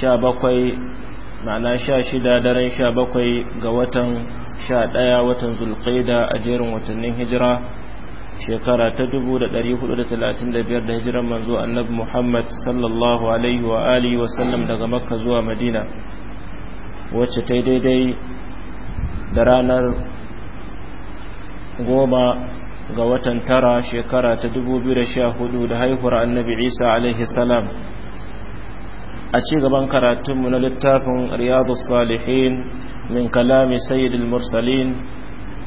sha bakwai ma'ana sha shida daren sha bakwai ga watan sha ɗaya watan zulƙaida a jerin watannin hijira shekara ta dubu da ɗari hudu da talatin da biyar da hijiran manzo annabi muhammad sallallahu alaihi wa alihi wa sallam daga makka zuwa madina wacce ta daidai da ranar goma ga watan tara shekara ta dubu biyu da sha hudu da haihuwar annabi isa alaihi salam a ci gaban karatunmu na littafin riyadu salihin min kalami sayyidul mursalin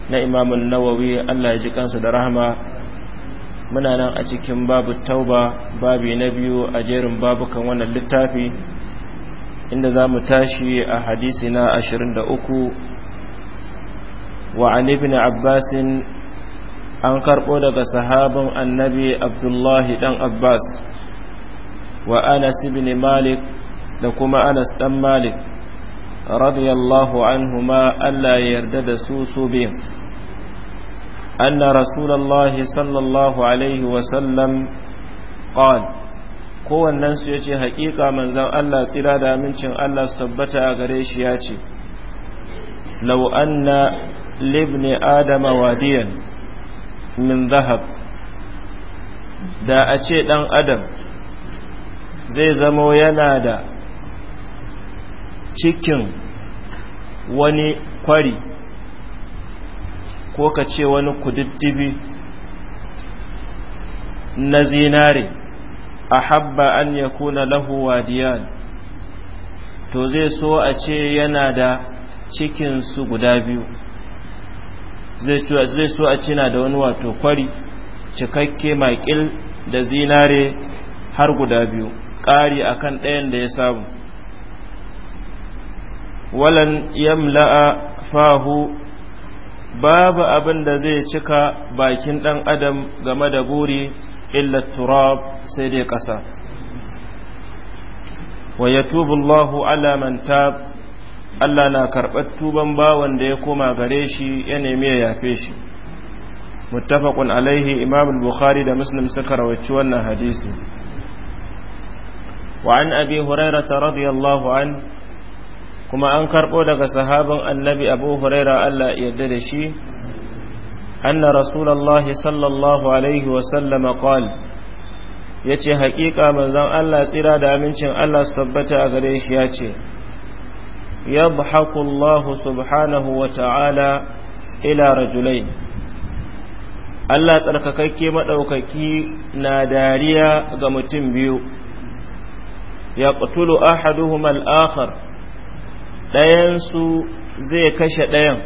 na imamun nawawi allah ya ji kansa da rahama muna nan a cikin babu tauba babi na biyu a jerin babukan wannan littafi inda za mu tashi a hadisi na 23 wa an ibn abbasin an karɓo daga sahabin annabi abdullahi ɗan abbas wa anas ibn malik da kuma anas dan malik radiyallahu anhuma Allah ya yarda da su su biyan أن رسول sallallahu alaihi wa sallam وسلم kowannen su yace haƙiƙa manzan Allah tsira da amincin Allah su tabbata a gare shi yace ce lau anna libni adama wadiyan min zahab da a ce ɗan adam zai zamo yana da cikin wani kwari ko ka ce wani kududdubi na zinare a habba an ya kuna lahu wadiyan to zai so a ce yana da cikinsu guda biyu zai so a ce na da wani wato kwari cikakke makil da zinare har guda biyu ƙari kan ɗayan da ya samu walan yamla'a fahu babu abin da zai cika bakin ɗan adam game da buri illa turab sai dai ƙasa wa Allahu alamanta Allah na karɓar tuban bawan da ya koma gare shi ya nemi ya yafe shi متفق alaihi imam البخاري bukhari da سكر suka rawaci wannan hadisi wa an abi huraira radiyallahu an kuma an karɓo daga sahaban annabi abu huraira Allah ya yarda da shi anna rasulullahi sallallahu alaihi wa sallam qaal yace haƙiƙa manzan Allah tsira da amincin Allah su tabbata a gare shi yace yabhaku Allah subhanahu wa ta'ala ila ra'julai. Allah tsarkakakke madaukaki na dariya ga mutum biyu Ya ahaduhuma al-akhar dayan su zai kashe ɗayan.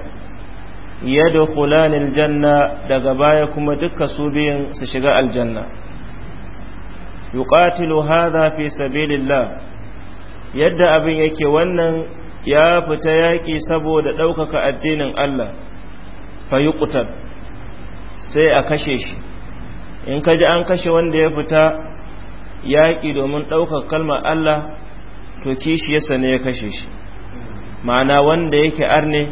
dayan yadkhulanil janna daga baya kuma duka su biyan su shiga aljanna yuqatilu hadha fi sabilillah yadda abin yake wannan ya fita yaƙi saboda ɗaukaka addinin Allah fa yuqtal sai a kashe shi in kaji an kashe wanda ya fita yaƙi domin ɗaukar kalmar Allah to kishi ya sane ya kashe shi ma'ana wanda yake arne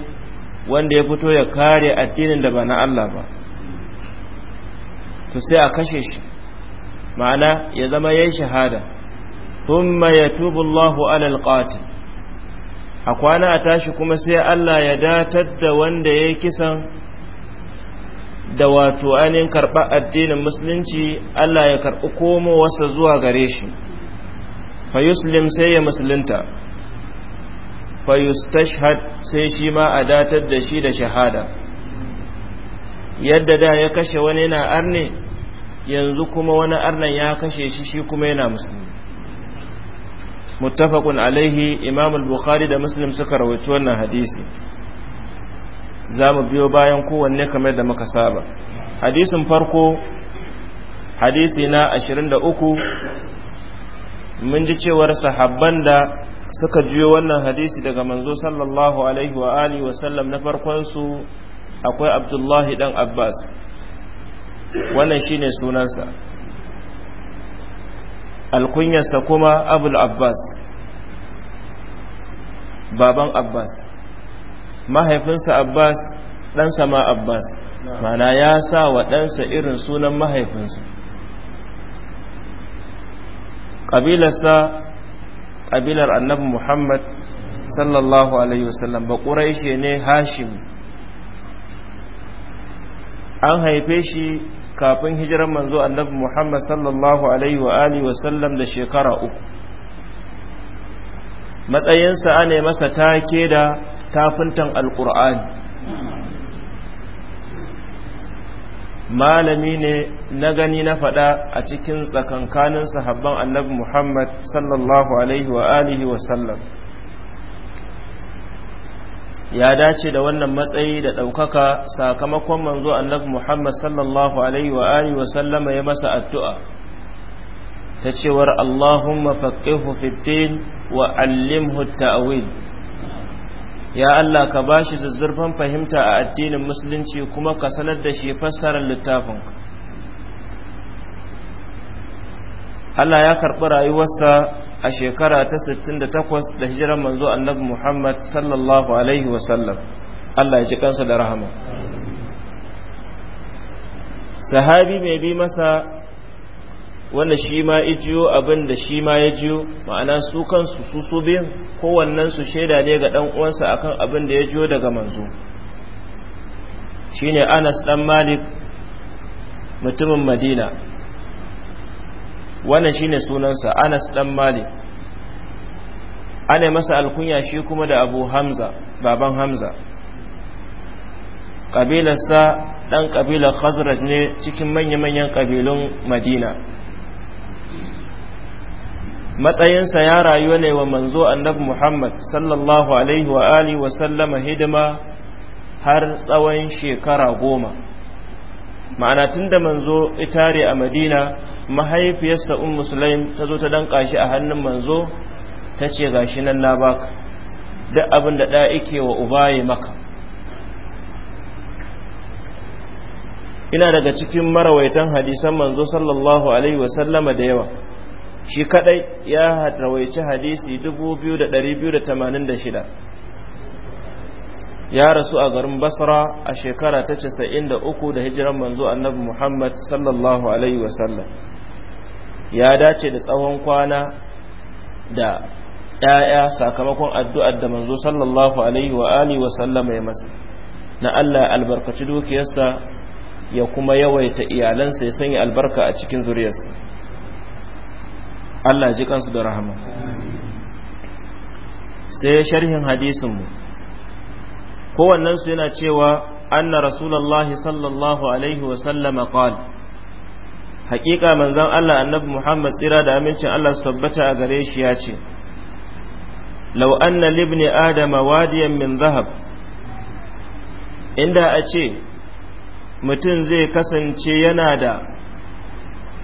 wanda ya fito ya kare addinin da ba na Allah ba to sai a kashe shi ma'ana ya zama yayi shahada thumma yatubu Allahu alal qatil a kwana a tashi kuma sai Allah ya datar da wanda ya kisan da wato ainihin karɓa addinin musulunci Allah ya karɓi wasa zuwa gare shi fa yuslim sai ya musulunta fa sai shi ma a datar da shi da shahada yadda da ya kashe wani yana arne yanzu kuma wani arnan ya kashe shi shi kuma yana musulmi muttafaqun alaihi Imamul bukhari da muslim suka rawaito wannan hadisi za mu biyo bayan kowanne kamar da muka saba hadisin farko hadisi na 23 mun ji cewar sahabban da suka juyo wannan hadisi daga manzo sallallahu alaihi wa alihi wa sallam na farkon su akwai abdullahi dan abbas wannan shine sunansa alkunyarsa kuma abul abbas baban abbas mahaifinsa abbas ɗansa ma abbas mana ya sa wa ɗansa irin sunan mahaifinsa ƙabilarsa ƙabilar annabi muhammad sallallahu alaihi wasallam ba ƙuraishe ne hashim an haife shi kafin hijirar manzo annabi muhammad sallallahu alaihi wa alihi wasallam da shekara uku matsayinsa ane masa take da tafintan alkur'ani malami ne na gani na fada a cikin tsakankanin sahabban annabi muhammad sallallahu alaihi wa alihi wa sallam ya dace da wannan matsayi da ɗaukaka sakamakon manzo annabi muhammad sallallahu alaihi wa alihi wa ya masa addu'a ta cewar allahumma faqihu fid din wa allimhu at-ta'wil ya Allah ka bashi zuzzurfan fahimta a addinin musulunci kuma ka sanar da shi fassarar littafin Allah ya karɓi rayuwarsa a shekara ta 68 da hijirar manzo annabi Muhammad sallallahu alaihi wasallam Allah ya ji kansa da rahama sahabi mai bi masa wannan shi ma ijiyo abin da shi ma ya jiyo ma'ana su kansu su su biyan kowannen su shaida ne ga dan uwansa akan abin da ya jiyo daga manzo shine Anas dan Malik mutumin Madina wannan shine sunansa Anas dan Malik ana masa alkunya shi kuma da Abu Hamza baban Hamza kabilarsa dan kabilar Khazraj ne cikin manya-manyan kabilun Madina matsayinsa ya rayu ne wa manzo annabi Muhammad sallallahu alaihi wa alihi wa sallama hidima har tsawon shekara goma ma'ana tunda manzo itare a Madina mahaifiyarsa ummu Sulaim ta zo ta danka shi a hannun manzo ta ce gashi nan na baka duk abin da ɗa yake wa ubaye maka ina daga cikin marawaitan hadisan manzo sallallahu alaihi wa sallama da yawa shi kadai ya rawaici hadisi 2286 ya rasu a garin basra a shekara ta 93 da hijiran manzo annabi muhammad sallallahu alaihi wasallam ya dace da tsawon kwana da ‘ya'ya sakamakon addu'ar da manzo sallallahu alaihi wa alihi wasallama ya masa na Allah albarkaci dukiyarsa ya kuma yawaita iyalansa ya sanya albarka a cikin zuriyarsa Allah ji kansu da rahama sai sharhin hadisinmu kowannensu yana cewa anna rasulallahi sallallahu alaihi wasallama qal haƙiƙa manzan Allah annabi Muhammad tsira da amincin Allah su tabbata a gare shi ya ce law anna libni adama wadiyan min zahab inda a ce mutum zai kasance yana da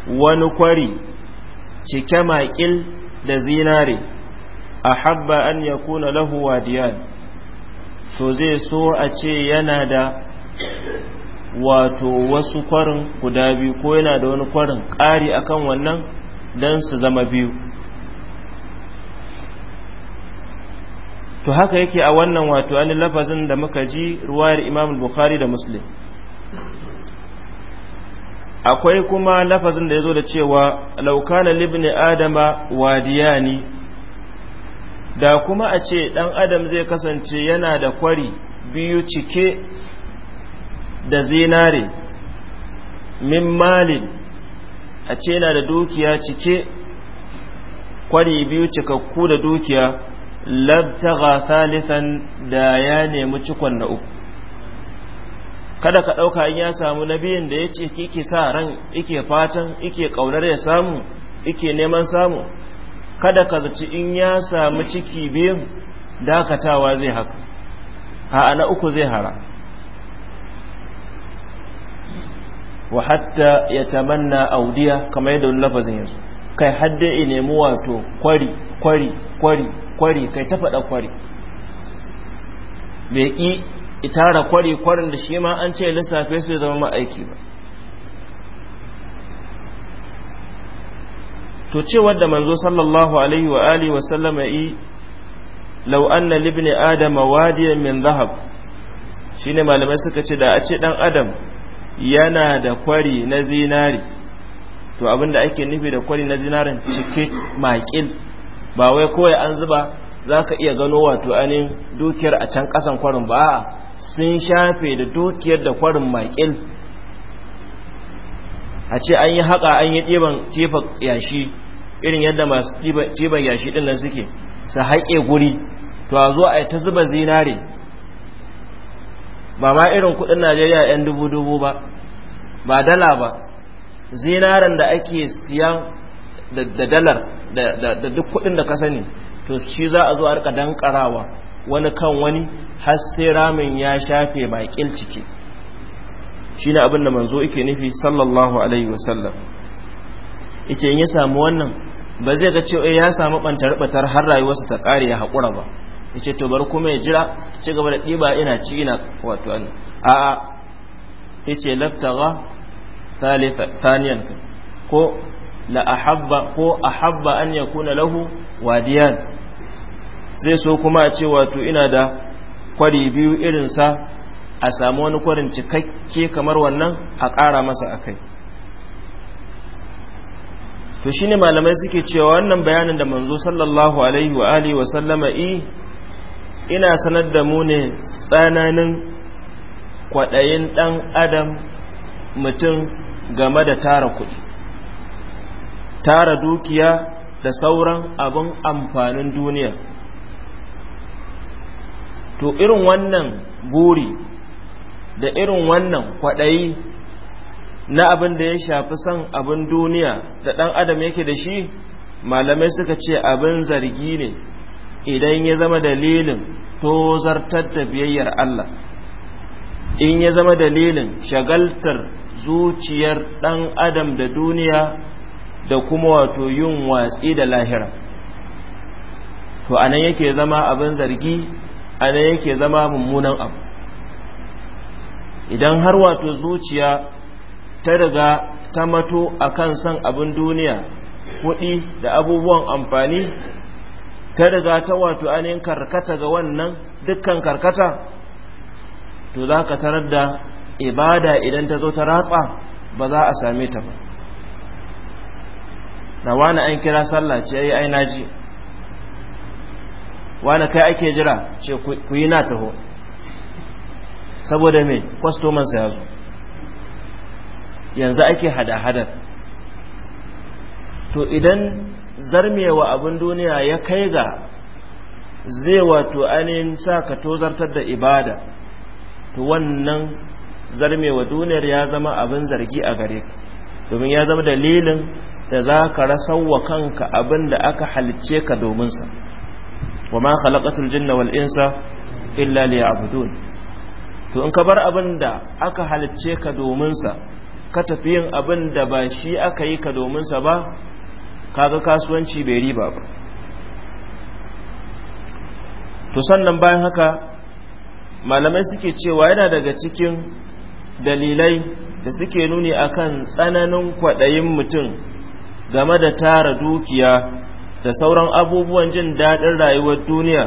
wani kwari cike maƙil da zinare a habba an ya kuna lahu wadiyan to zai so a ce yana da wato wasu kwarin guda biyu ko yana da wani kwarin ƙari akan wannan don su zama biyu to haka yake a wannan wato an lafazin da muka ji ruwayar imam bukhari da muslim akwai kuma lafazin da ya zo da cewa laukana libni adama wadiyani da kuma a ce dan adam zai kasance yana da kwari biyu cike da zinare min malin a ce yana da dukiya cike kwari biyu cikakku da dukiya labtaga thalithan da ya nemi cikon na uku kada ka ɗauka in ya samu nabiyin da ya ce kike sa ran ike fatan ike ƙaunar ya samu ike neman samu kada ka zaci in ya samu ciki biyun dakatawa zai haka a na uku zai hara wa hatta ya tamanna audiya kamar yadda wani lafazin yanzu kai hadda ya nemi wato kwari kwari kwari kwari kai ta faɗa kwari bai itara kwari kwarin da shi ma an ce lissafe su zama ma'aiki ba to cewar da manzo sallallahu alaihi wa alihi wa sallama yi law anna libni adama wadiyan min dhahab shine malamai suka ce da a ce dan adam yana da kwari na zinari to abinda ake nufi da kwari na zinarin cike makil ba wai kawai an zuba za ka iya gano wato anin dukiyar a can kasan kwarin ba sun shafe da dukiyar da kwarin makil a ce an yi haka an yi ɗiban tefa yashi irin yadda masu ɗiban yashi ɗin nan suke su haƙe guri to a zo a yi ta zuba zinare ba ma irin kuɗin najeriya 'yan dubu-dubu ba ba dala ba zinaren da ake siyan da dalar da duk kuɗin da ka sani to shi za a zo a rika dankarawa wani kan wani har sai ramin ya shafe bakin ciki shine abin da manzo yake nufi sallallahu alaihi wasallam yace in ya samu wannan ba zai ga cewa eh, ya samu bantar batar har rayuwarsa ta kare ya hakura ba yace to bar kuma ya jira ci gaba da ɗiba ina ci ina wato an a a yace labtaga thalitha thaniyan ko la ahabba ko ahabba an yakuna lahu wadiyan zai so kuma a ce wato ina da kwari biyu irinsa a sami wani kwarin cikakke kamar wannan a ƙara masa a kai. to shi ne malamai suke cewa wannan bayanin da manzo sallallahu alaihi wa alihi wa sallama i ina sanar da mu ne tsananin kwaɗayin ɗan adam mutum game da tara kuɗi tara dukiya da sauran abin amfanin duniya to irin wannan buri da irin wannan kwaɗayi na abin da ya shafi son abin duniya da ɗan adam yake da shi malamai suka ce abin zargi ne idan ya zama dalilin tozartar da biyayyar Allah in ya zama dalilin shagaltar zuciyar ɗan adam da duniya da kuma wato yin watsi da lahira to anan yake zama abin zargi ana yake zama mummunan abu idan har wato zuciya ta riga ta mato a kan son abin duniya kuɗi da abubuwan amfani ta riga ta wato anin karkata ga wannan dukkan karkata to za ka tarar da ibada idan ta zo ta ratsa ba za a same ta ba na wani an kira sallah ce ya yi aina ji wani kai ake jira ce ku yi na taho saboda mai kwastomansa ya zo yanzu ake hada-hadar to idan zarmewa abin duniya ya kai ga zai wato ainihin sa ka tozartar da ibada to wannan zarmewa duniyar ya zama abin zargi a gare ka domin ya zama dalilin da za ka rasa wa kanka abin da aka halicce ka dominsa wa ma khalaqatul jinna wal insa illa liya'budun to in ka bar abin da aka halicce ka domin sa ka tafi yin abinda ba shi aka yi ka domin sa ba kaga kasuwanci bai riba ba to sannan bayan haka malamai suke cewa yana daga cikin dalilai da suke nuni akan tsananin kwaɗayin mutum game da tara dukiya da sauran abubuwan jin daɗin rayuwar duniya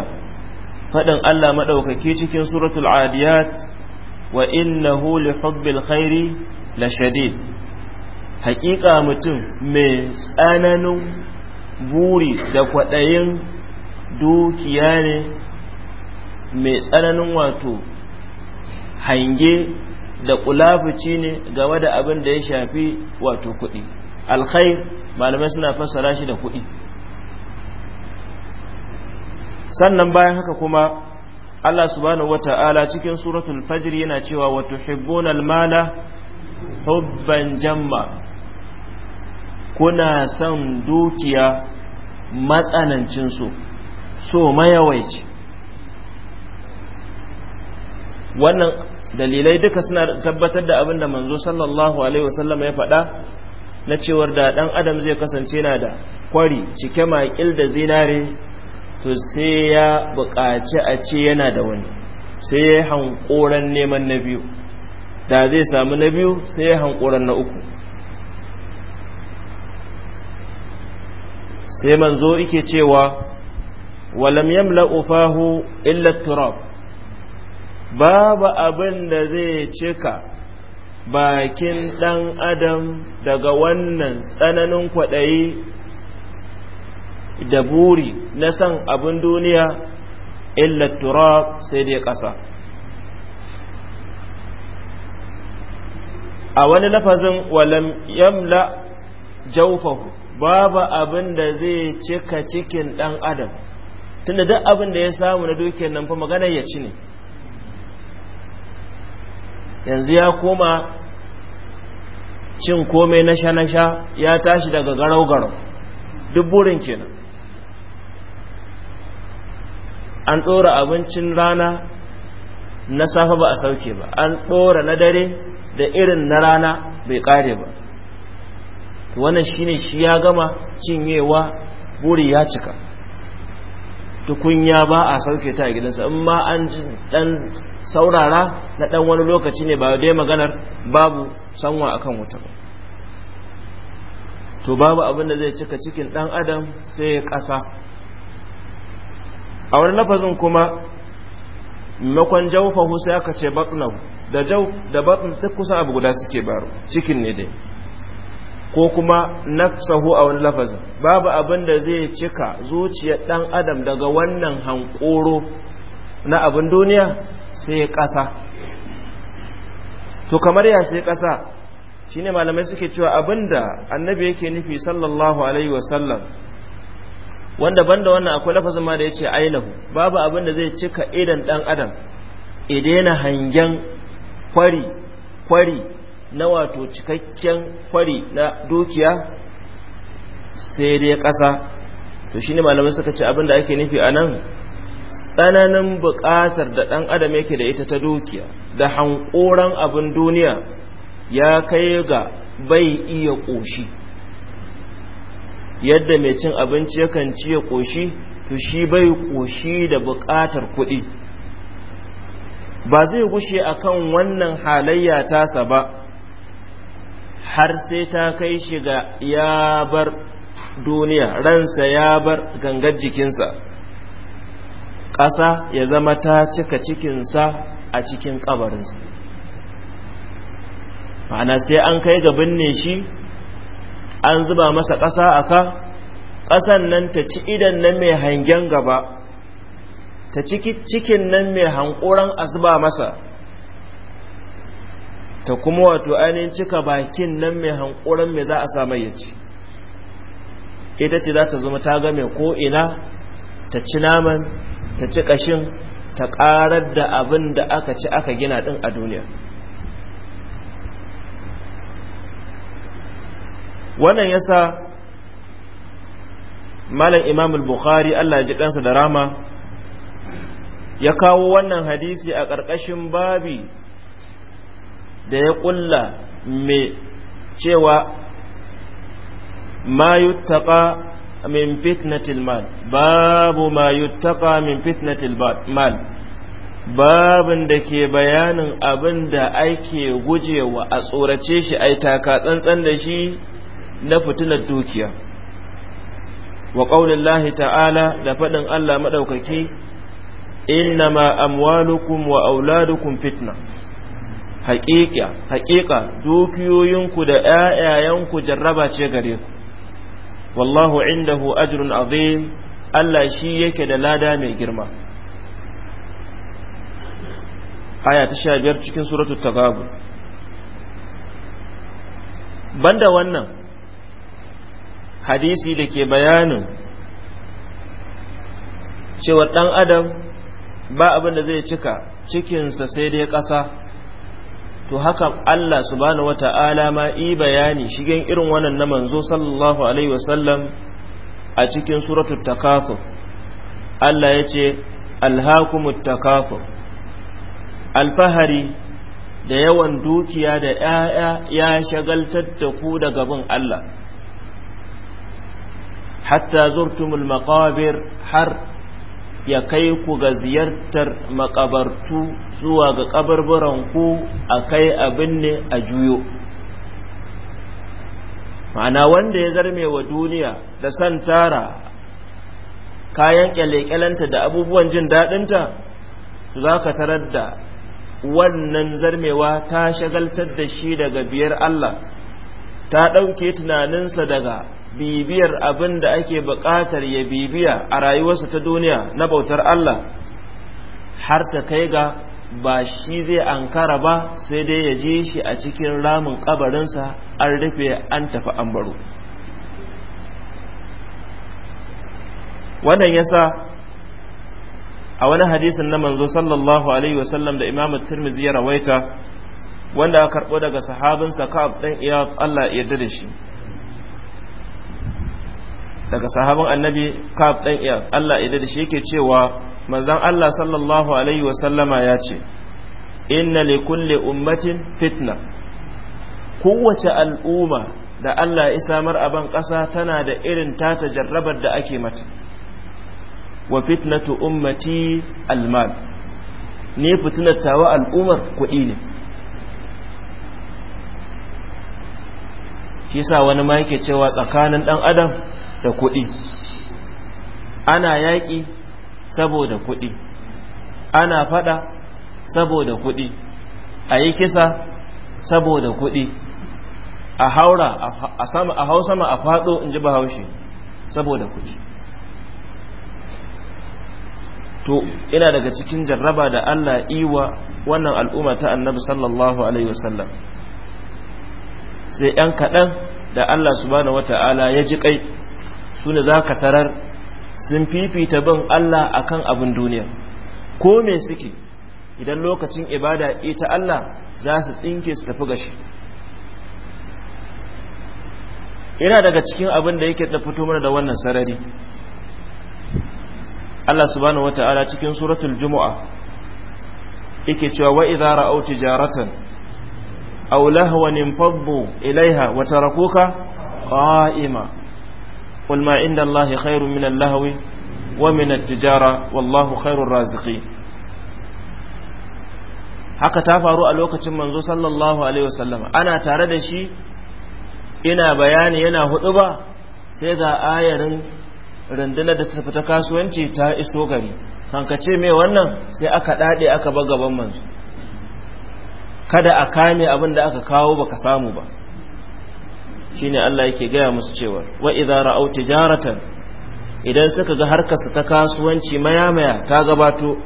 faɗin Allah maɗaukaki cikin suratul adiyat wa innahu li hubbil khairi la shadid haƙiƙa mutum mai tsananin buri da kwaɗayin dukiya ne mai tsananin wato hange da kulafuci ne game da abin da ya shafi wato kuɗi alkhair malamai suna fassara shi da kuɗi sannan bayan haka kuma Allah subhanahu wata'ala cikin suratul fajr yana cewa wa tuhibbunal mala hubban jamma kuna son dukiya matsanancin su so mayawaici wannan dalilai duka suna tabbatar da abin da manzo sallallahu alaihi wasallam ya faɗa na cewar da ɗan adam zai kasance na da kwari cike maƙil da zinare to sai ya buƙaci a ce yana da wani sai ya hankoran neman na biyu da zai samu na biyu sai ya hankoran na uku sai manzo ike cewa walam yamla ufahu illa turab babu abin da zai cika bakin ɗan adam daga wannan tsananin kwaɗayi da buri na san abin duniya illa turab sai dai ƙasa a wani lafazin walam yamla jaufahu babu abin da zai cika cikin ɗan adam tunda duk abin da ya samu na dukiyar nan fa magana ya ci ne yanzu ya koma cin komai na sha-na sha ya tashi daga garau-garau duk burin kenan an ɗora abincin rana na safe ba a sauke ba an ɗora na dare da irin na rana bai ƙare ba wannan shine shi ya gama cinyewa buri ya cika tukunya ba a sauke ta a gidansa in ma an ji dan saurara na dan wani lokaci ne ba dai maganar babu sanwa akan wuta ba to babu abin da zai cika cikin dan adam sai ya kasa a wani lafazin kuma makon Jaufa sai aka ce batnahu da Jau da batn ta kusa abu guda suke baro cikin ne dai ko kuma nafsahu a wani lafazin babu abin da zai cika zuciyar ɗan adam daga wannan hankoro na abin duniya sai ƙasa to kamar ya sai ƙasa shine malamai suke cewa abinda annabi yake nufi sallallahu alaihi wasallam wanda banda wannan akwai lafazin ma da yace ainahu babu abin da zai cika idan dan adam idena hangen kwari kwari na wato cikakken kwari na dukiya sai dai ƙasa to shine malamai suka ce abin da ake nufi anan tsananin buƙatar da ɗan adam yake da ita ta dukiya da hankoran abin duniya ya kai ga bai iya ƙoshi yadda mai cin abinci yakan ci ya ƙoshi to shi bai ƙoshi da buƙatar kuɗi ba zai gushe akan wannan halayya tasa ba har sai ta kai shi ga ya bar duniya ransa ya bar gangar jikinsa ƙasa ya zama ta cika cikinsa a cikin ƙabarinsa ma'ana sai an kai ga binne shi an zuba masa ƙasa a ka ƙasan nan ta ci idan nan mai hangen gaba ta cikin nan mai hankoran a zuba masa ta kuma wato ainihin cika bakin nan mai hankoran mai za a samu ya ci ita ce za ta zama ta ga mai ko'ina ta ci naman ta ci ƙashin ta ƙarar da abin da aka ci aka gina ɗin a duniya wannan yasa malam imam al-bukhari Allah ya ji kansa da rama ya kawo wannan hadisi a ƙarƙashin babi da ya ƙulla mai cewa ma yuttaqa min fitnatil mal babu ma yuttaqa min fitnatil mal babin da ke bayanin abin da ake gujewa a tsorace shi ai taka tsantsan da shi na fitinar dukiya wa ƙaunin ta'ala da faɗin Allah maɗaukaki ma amwalukum wa auladukum fitna haƙiƙa dukiyoyinku da ‘ya'yayenku jarraba ce gare ku wallahu indahu ajrun azim Allah shi yake da lada mai girma aya ta sha biyar cikin suratul tagabun banda wannan hadisi da ke bayanin cewa ɗan adam ba abin da zai cika cikinsa sai dai ƙasa to haka Allah subhanahu wata'ala ma yi bayani shigen irin wannan na manzo sallallahu alaihi wasallam a cikin suratul takafur Allah ya ce alhakumut takafur alfahari da yawan dukiya da ‘ya'ya ya shagaltar da ku daga bin Allah’ hatta zurtumul maqabir har ya kai ku ga ziyartar makabartu zuwa ga kabarbaran ku a kai abin ne a juyo ma'ana wanda ya zarme wa duniya da san tara kayan kyalekyalanta da abubuwan jin daɗinta za ka tarar da wannan zarmewa ta shagaltar da shi daga biyar Allah ta ɗauke tunaninsa daga bibiyar abin da ake buƙatar ya bibiya a rayuwarsa ta duniya na bautar Allah har ta kai ga ba shi zai ankara ba sai dai ya je shi a cikin ramin ƙabarinsa an rufe an tafi an baro wannan yasa a wani hadisin na manzo sallallahu alaihi wasallam da imamu tirmidhi ya rawaita wanda aka karɓo daga sahabinsa ka'ab ɗan iya Allah da shi daga sahabin annabi ka'ab ɗan iya Allah da shi yake cewa manzan Allah sallallahu alaihi wa sallama ya ce inna li kulli ummatin fitna kowace al'umma da Allah ya samar a ban ƙasa tana da irin tata jarrabar da ake mata wa fitnatu ummati almal ne fitinar tawa al'ummar kuɗi ne shi sa wani ma yake cewa tsakanin dan adam da kuɗi ana yaƙi saboda kuɗi ana faɗa saboda kuɗi a yi kisa saboda kuɗi a haura a hau sama a faɗo in ji bahaushe saboda kuɗi to ina daga cikin jarraba da Allah iwa wannan al'umma ta annabi sallallahu alaihi wasallam sai yan kaɗan da Allah subhanahu wata'ala ya ji kai su ne za ka tarar sun fifita bin Allah a kan abin duniya ko me suke idan lokacin ibada ita Allah za su tsinke su tafi gashi Ina daga cikin abin da yake fito mana da wannan sarari Allah subhanahu wata'ala cikin suratul jumu'a yake cewa wa idza ra'aw tijaratan aw lahwan infaddu ilaiha wa tarakuka qa'ima qul ma inda allahi khairun min al-lahwi wa min at-tijara wallahu khairur raziqin haka ta faru a lokacin manzo sallallahu alaihi wasallam ana tare da shi ina bayani yana hudu ba sai ga ayarin rundunar da ta fita kasuwanci ta iso gari ce me wannan sai aka dade aka ba gaban manzo kada a kame abin da aka kawo baka samu ba shine Allah yake gaya musu cewa wa idza ra'aw tijaratan idan suka ga harkarsa ta kasuwanci mayamaya ta gabato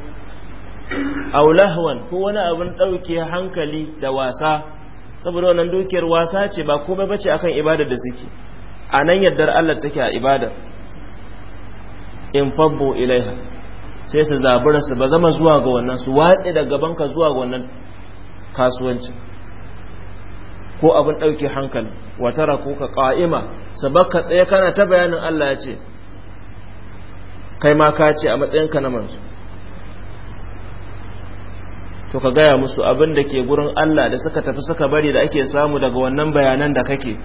aw lahwan ko wani abin dauke hankali da wasa saboda wannan dukiyar wasa ce ba komai bace akan ibadar da suke anan yaddar Allah take a ibada in fabbu ilaiha sai su zabura su ba zama zuwa ga wannan su watsi daga gaban ka zuwa ga wannan kasuwanci ko abin ɗauke hankali wata ko ka ƙa'ima ka tsaye kana ta bayanin Allah ya ce kai ma ka ce a matsayinka na manzo to ka gaya musu abin da ke gurin Allah da suka tafi suka bari da ake samu daga wannan bayanan da kake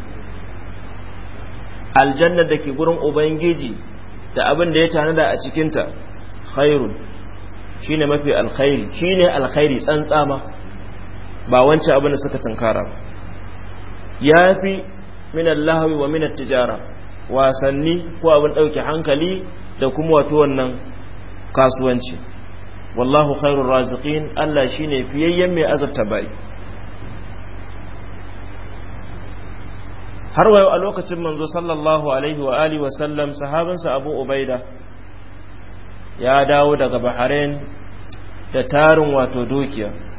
aljannar da ke gurin ubangiji da abin da ya tanada a cikinta khairun shine mafi alkhairi shine alkhairi tsantsama ba wancan abin da suka tunkara ba ya fi minan lahawi wa minan tijara wasanni ko abin ɗauke hankali da kuma wato wannan kasuwanci wallahu khairun raziqin Allah shine fiyayyen mai azabta bai har wayo a lokacin manzo sallallahu alaihi wa alihi wa sallam Abu Ubaida ya dawo daga Bahrain da tarin wato dukiya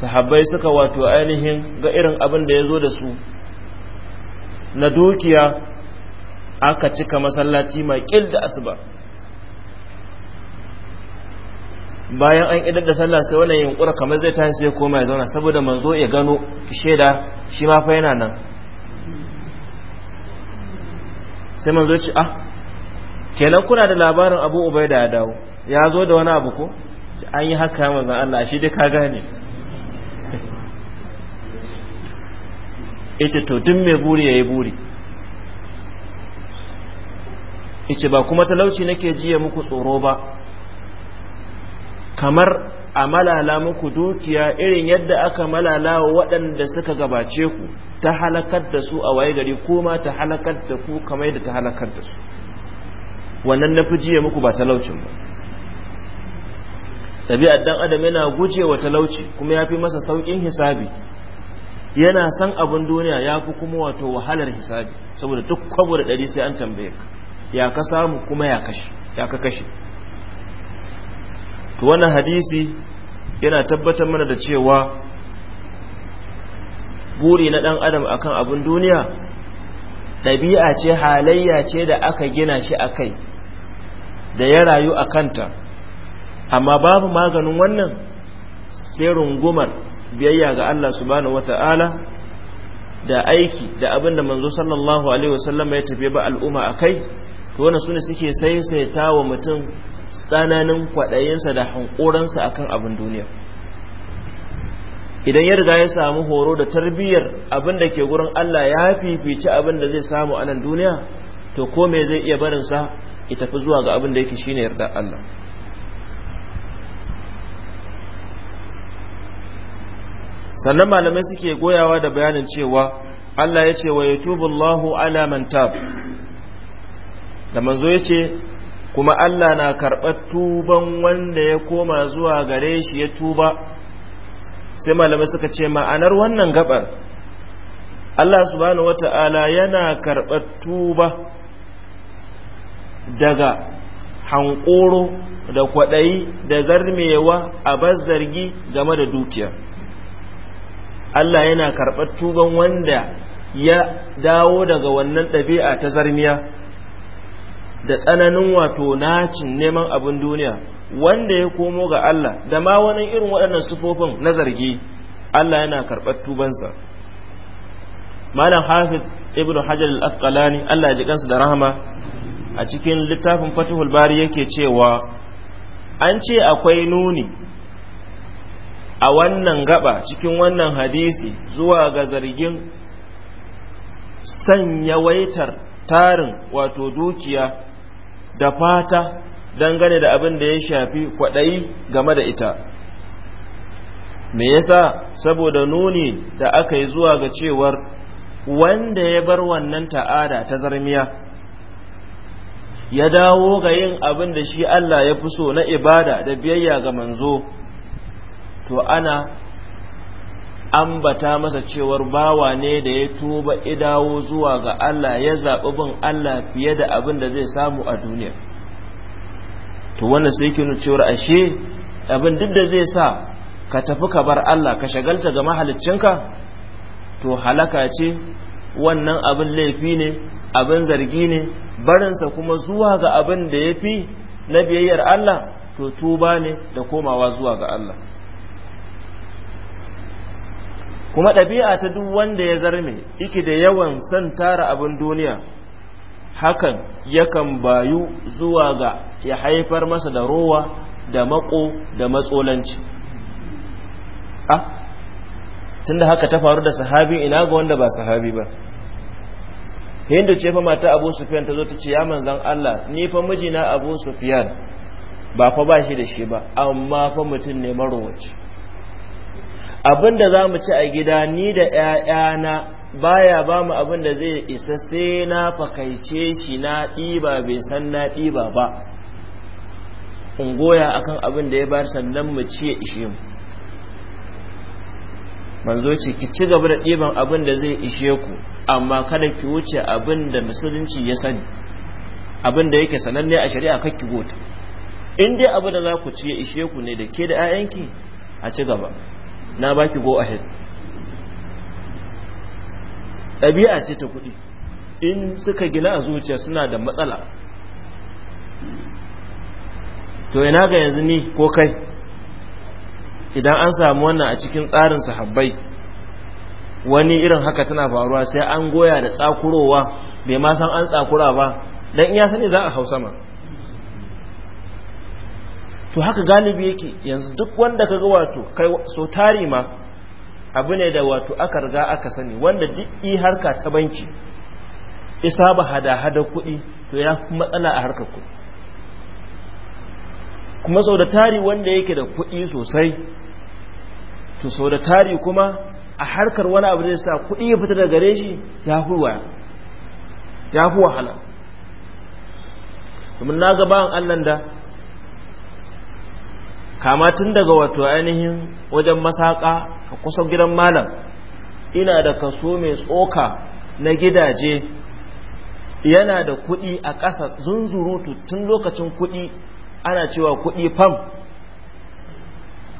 sahabbai suka wato ainihin ga irin abin da ya zo da su na dukiya aka cika masallaci mai ƙil da asuba bayan an idar da sallah sai wannan yunkura kamar zai tashi sai koma ya zauna saboda manzo ya gano shaida shi ma fa yana nan sai manzo ce ah kenan kuna da labarin Abu da ya dawo ya zo da wani abu ko an yi haka manzon Allah shi dai ka gane yace to duk mai buri yayi buri yace ba kuma talauci nake jiya muku tsoro ba kamar a malala muku dukiya irin yadda aka malala waɗanda suka gabace ku ta halakar da su a waye gari kuma ta halakar da ku kamar da ta halakar da su wannan na fi jiya muku ba talaucin ba ɗabi'ar dan adam yana guje wa talauci kuma ya fi masa saukin hisabi yana san abin duniya ya fi kuma wato wahalar hisabi saboda duk kwabo da ɗari sai an tambaye ka ya ka samu kuma ya kashe ya ka kashe to wannan hadisi yana tabbatar mana da cewa buri na ɗan adam akan abin duniya ɗabi'a ce halayya ce da aka gina shi a kai da ya rayu a kanta amma babu maganin wannan sai rungumar biyayya ga Allah subhanahu wata'ala da aiki da abinda manzo sallallahu alaihi wasallam ya tafi ba al'umma akai to wannan sune suke saisaita wa mutum tsananin kwadayinsa da hankuransa akan abin duniya idan ya riga ya samu horo da tarbiyyar abin da ke gurin Allah ya fifici abin da zai samu a nan duniya to ko me zai iya barinsa ya tafi zuwa ga abin da yake shine yarda Allah sannan malamai suke goyawa da bayanin cewa Allah ya ce wa tubu Allahu ala man da manzo ya ce kuma Allah na karɓar tuban wanda ya koma zuwa gare shi ya tuba sai malamai suka ce ma'anar wannan gabar Allah subhanahu wata'ala yana karɓar tuba daga hankoro da kwaɗayi da zarmewa a bazzargi game da dukiya Allah yana karɓar tuban wanda ya dawo daga wannan ɗabi'a ta zarmiya da tsananin wato nacin neman abin duniya wanda ya komo ga Allah da ma wani irin waɗannan sufofin na zargi Allah yana karɓar tubansa malam hafiz ibnu hajar al-asqalani Allah ya ji kansa da rahama a cikin littafin fatihul bari yake cewa an ce akwai nuni a wannan gaba cikin wannan hadisi zuwa ga zargin san yawaitar tarin wato dukiya da fata dangane da abin da ya shafi kwaɗayi game da ita me yasa saboda nuni da aka yi zuwa ga cewar wanda ya bar wannan ta'ada ta zarmiya ya dawo ga yin abin da shi Allah ya fi so na ibada da biyayya ga manzo to ana ambata masa cewar bawa ne da ya tuba idawo zuwa ga Allah ya zaɓi bin Allah fiye da abin da zai samu a duniya to wannan sai ke nuna cewar ashe abin duk da zai sa ka tafi ka bar Allah ka shagalta ga mahaliccinka to halaka ce wannan abin laifi ne abin zargi ne barinsa kuma zuwa ga abin da ya fi na biyayyar Allah to tuba ne da komawa zuwa ga Allah kuma ɗabi'a ta duk wanda ya zarme iki da yawan san tara abin duniya hakan yakan bayu zuwa ga ya haifar masa da rowa da mako da matsolanci a ah, tunda haka ta faru da sahabi ina ga wanda ba sahabi ba hindu ce fa mata abu sufiyan ta zo ta ce ya manzan Allah ni fa mijina abu sufiyan ba fa ba shi da shi ba amma fa mutum ne marowaci abin da za mu ci a gida ni da ‘ya'yana baya ba mu abin da zai isa sai na fakaice shi na ɗiba bai san na ɗiba ba in goya akan abin da ya bar sannan mu ci ya ishe mu manzo ce ki ci gaba da ɗiban abin da zai ishe ku amma kada ki wuce abin da musulunci ya sani abin da yake sananne a shari'a kar ki gota in dai abin da za ku ci ya ishe ku ne da ke da 'ya'yanki a ci gaba na baki go ahead ɗabi'a ce ta kuɗi in suka gina a zuciya suna da matsala to ina ga yanzu ni ko kai idan an samu wannan a cikin tsarin sahabbai wani irin haka tana faruwa sai an goya da tsakurowa bai ma san an tsakura ba dan iya sani za a hausa ma to haka galibi yake yanzu duk wanda kaga wato kai so tari ma abu ne da wato aka riga aka sani wanda duk yi harka ta banki isa ba hada-hada kuɗi to ya fi matsala a harkar kuɗi kuma sau da tari wanda yake da kuɗi sosai to sau da tari kuma a harkar wani abu da sa kuɗi ya fita da gare shi ya fi wahala domin na gaban allan da kama tun daga wato ainihin wajen masaka ka kusa gidan malam ina da kaso mai tsoka na gidaje yana da kuɗi a ƙasa zunzurutu tun lokacin kuɗi ana cewa kuɗi fam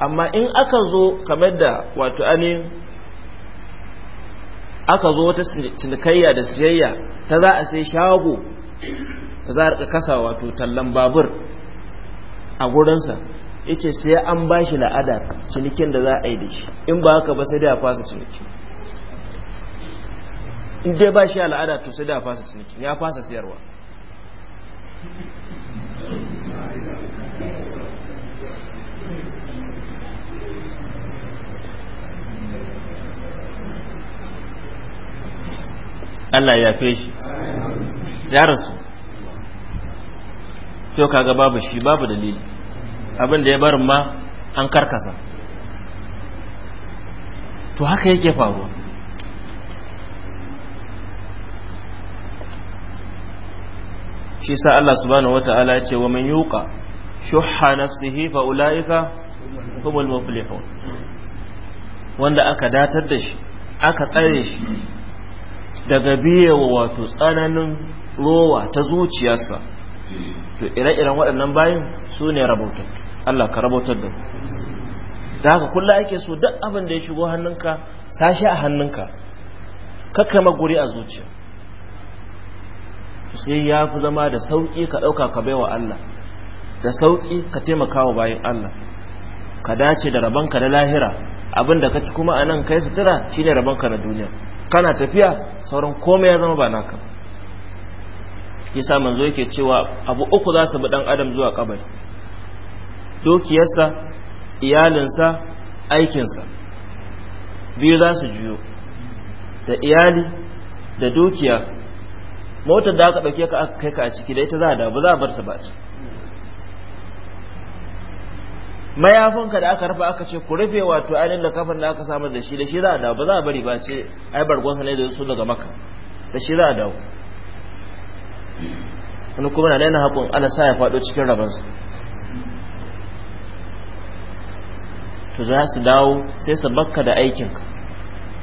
amma in aka zo kamar da wato ainihin aka zo wata cinikayya da siyayya ta za a sai shago za a kasa wato tallan babur a gurinsa yace sai an bashi la'ada cinikin da za a yi da shi in ba haka ba sai da fasa ciniki in dai ba shi al'ada to sai da fasa ciniki ya fasa siyarwa Allah ya fi shi jarasu to kaga babu shi babu dalili abin da ya barin ma an karkasa to haka yake faruwa shi sa Allah subhanahu wata'ala ya ce wa man yuqa shuhha nafsihi fa ulaika humul muflihun wanda aka datar da shi aka tsare shi daga biyewa wato tsananin rowa ta zuciyarsa to ire-iren waɗannan bayan su ne rabautar Allah ka rabautar da da haka kullum ake so duk abin da ya shigo hannunka sashi a hannunka kakkama guri a zuciya sai ya fi zama da sauƙi ka ɗauka ka baiwa Allah da sauƙi ka taimaka wa bayan Allah ka dace da rabanka na lahira abin da ka ci kuma a nan kai sutura shi shine rabanka na duniya kana tafiya sauran komai ya zama ba naka yasa manzo yake cewa abu uku za su bi dan adam zuwa kabari dokiyarsa iyalinsa aikinsa biyu za su juyo da iyali da dukiya motar da aka ɗauke ka aka kai ka a ciki da ita za a da ba za a bar ta ba ci mayafinka da aka rufe aka ce ku rufe wato ainihin da kafin da aka samar da shi da shi za a dawo ba za a bari ba ce ai bargonsa ne da su daga maka da shi za a dawo wani kuma na daina haƙun ana sa ya faɗo cikin rabansa to za su dawo sai su bakka da aikinka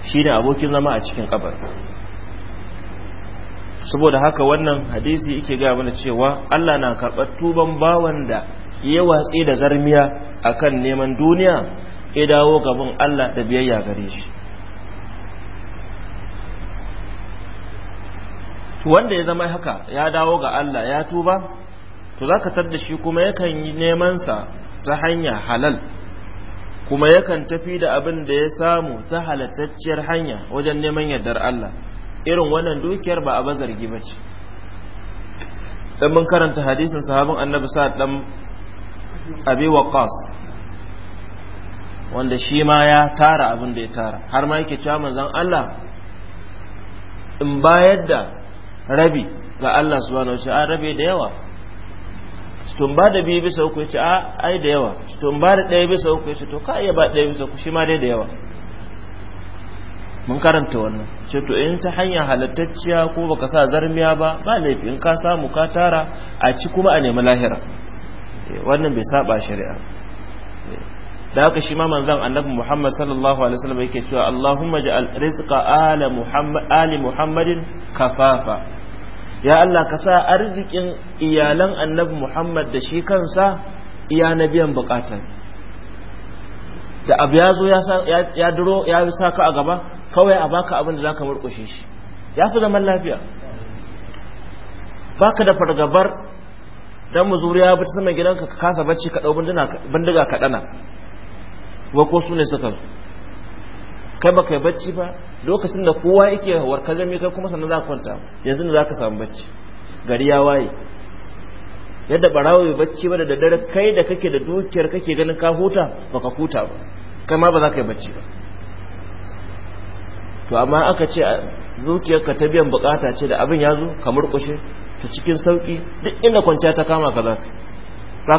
shi ne abokin zama a cikin ƙabar saboda haka wannan hadisi yake gaya mana cewa Allah na karɓar tuban bawan da ya watsi da zarmiya akan neman duniya ya dawo gaban Allah da biyayya gare shi to wanda ya zama haka ya dawo ga Allah ya tuba to zaka da shi kuma yakan yi neman sa ta hanya halal kuma yakan tafi da abin da ya samu ta halattacciyar hanya wajen neman yardar Allah irin wannan dukiyar ba a bazargi ce. dan mun karanta hadisin sahabin Annabi sa dan Abi Waqqas wanda shi ma ya tara abin da ya tara har ma yake cewa manzon Allah in bayar da rabi ga Allah subhanahu wa ta'ala rabi da yawa tun ba da biyu bisa uku ce a ai da yawa tun ba da ɗaya bisa uku ce to ka iya ba ɗaya bisa uku shi ma dai da yawa mun karanta wannan ce to in ta hanyar halattacciya ko baka sa zarmiya ba ba laifi in ka samu ka tara a ci kuma a nemi lahira eh, wannan bai saba shari'a eh, da haka shi ma manzon annabi Muhammad sallallahu alaihi wasallam yake cewa Allahumma ja'al rizqa ala Muhammad ali Muhammadin kafafa ya Allah ka sa arzikin iyalan annabi Muhammad da shi kansa iya na biyan bukata da abu ya zo ya duro ya sa ka a gaba kawai a baka abin da za ka murkushe shi ya fi zaman lafiya baka da fargabar dan muzuriya bi ta sama gidanka ka kasa bacci ka dau bindiga ka dana wa ko su ne suka kai baka yi bacci ba lokacin da kowa yake warkar zame kai kuma sannan za ka kwanta yanzu da za ka samu bacci gari ya waye yadda barawo bai bacci ba da daddare kai da kake da dukiyar kake ganin ka huta baka huta ba kai ma ba za ka yi bacci ba to amma aka ce dukiyar ka ta biyan bukata ce da abin ya zo ka murkushe ta cikin sauki duk inda kwanciya ta kama ka za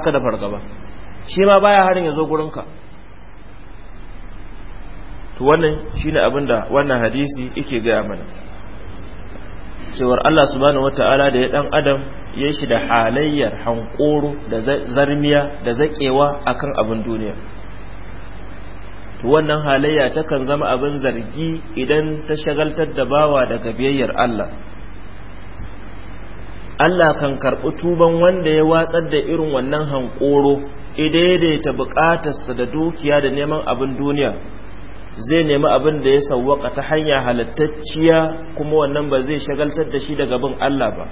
ka da fargaba shi ma baya harin ya zo ka. to wannan shine abin da wannan hadisi yake gaya mana cewar Allah subhanahu wataala da ya dan adam ya shi da halayyar hankoro da zarmiya da zakewa akan abin duniya to wannan halayya takan zama abin zargi idan ta shagaltar da bawa daga biyayyar Allah Allah kan karɓi tuban wanda ya watsar da irin wannan hankoro idaidaita bukatarsa da dukiya da neman abin duniya zai nemi abin da ya sawwaka ta hanya halittacciya kuma wannan ba zai shagaltar da shi daga bin Allah ba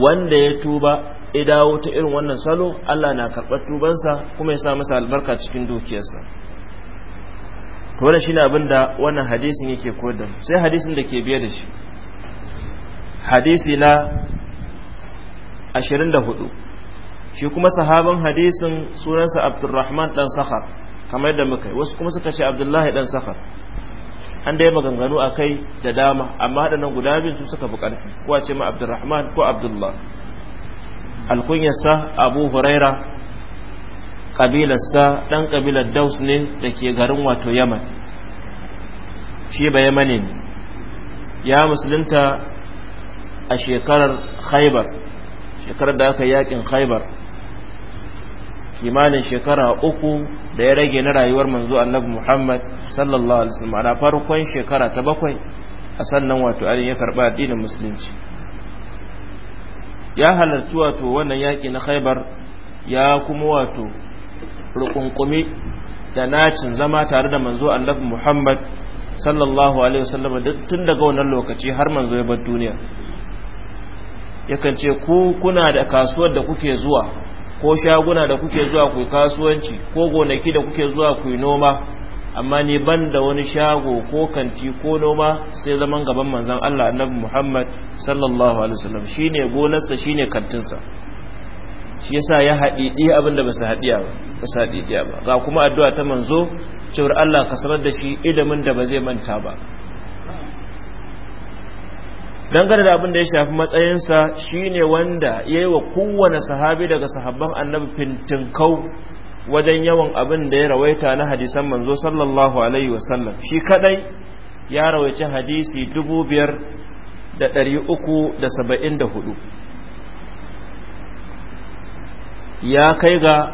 wanda ya tuba ya ta irin wannan salo Allah na karɓar tubansa kuma ya sa masa albarka cikin dukiyarsa to wannan shine abin da wannan hadisin yake koyar sai hadisin da ke biye da shi hadisi na 24 shi kuma sahaban hadisin sunansa Abdurrahman dan Sakhar kamar yadda muka yi wasu kuma suka ce abdullahi dan safar an da ya maganganu a kai da dama amma haɗannan guda biyu su suka fi ƙarfi ko a ce ma abdurrahman ko abdullah alkunyarsa abu huraira ƙabilarsa ɗan ƙabilar daus ne da ke garin wato yaman shi ba yamani ne ya musulunta a shekarar haibar shekarar da aka yakin khaibar kimanin shekara uku da ya rage na rayuwar manzo annabi Muhammad sallallahu alaihi wasallam ana farkon shekara ta bakwai a sannan wato Ali ya karba addinin musulunci ya halarci wato wannan yaki na Khaibar ya kuma wato rukunkumi da nacin zama tare da manzo annabi Muhammad sallallahu alaihi wasallam tun daga wannan lokaci har manzo ya bar duniya yakan ce ku kuna da kasuwar da kuke zuwa ko shaguna da kuke zuwa ku kasuwanci ko gonaki da kuke zuwa ku noma amma ni ban da wani shago ko kanti ko noma sai zaman gaban manzon Allah annabi Muhammad sallallahu alaihi wasallam shine gonarsa shine kantinsa shi yasa ya haɗi abinda ba su haɗiya ba ba su haɗi ba ga kuma addu'a ta manzo cewar Allah ka sanar da shi ilimin da ba zai manta ba dangane da abin da ya shafi matsayinsa shine wanda ya yi wa kowane sahabi daga sahabban annabi fintinkau wajen yawan abin da ya rawaita na hadisan manzo sallallahu alaihi wasallam shi kadai ya rawaici hadisi dubu biyar da da saba'in ya kai ga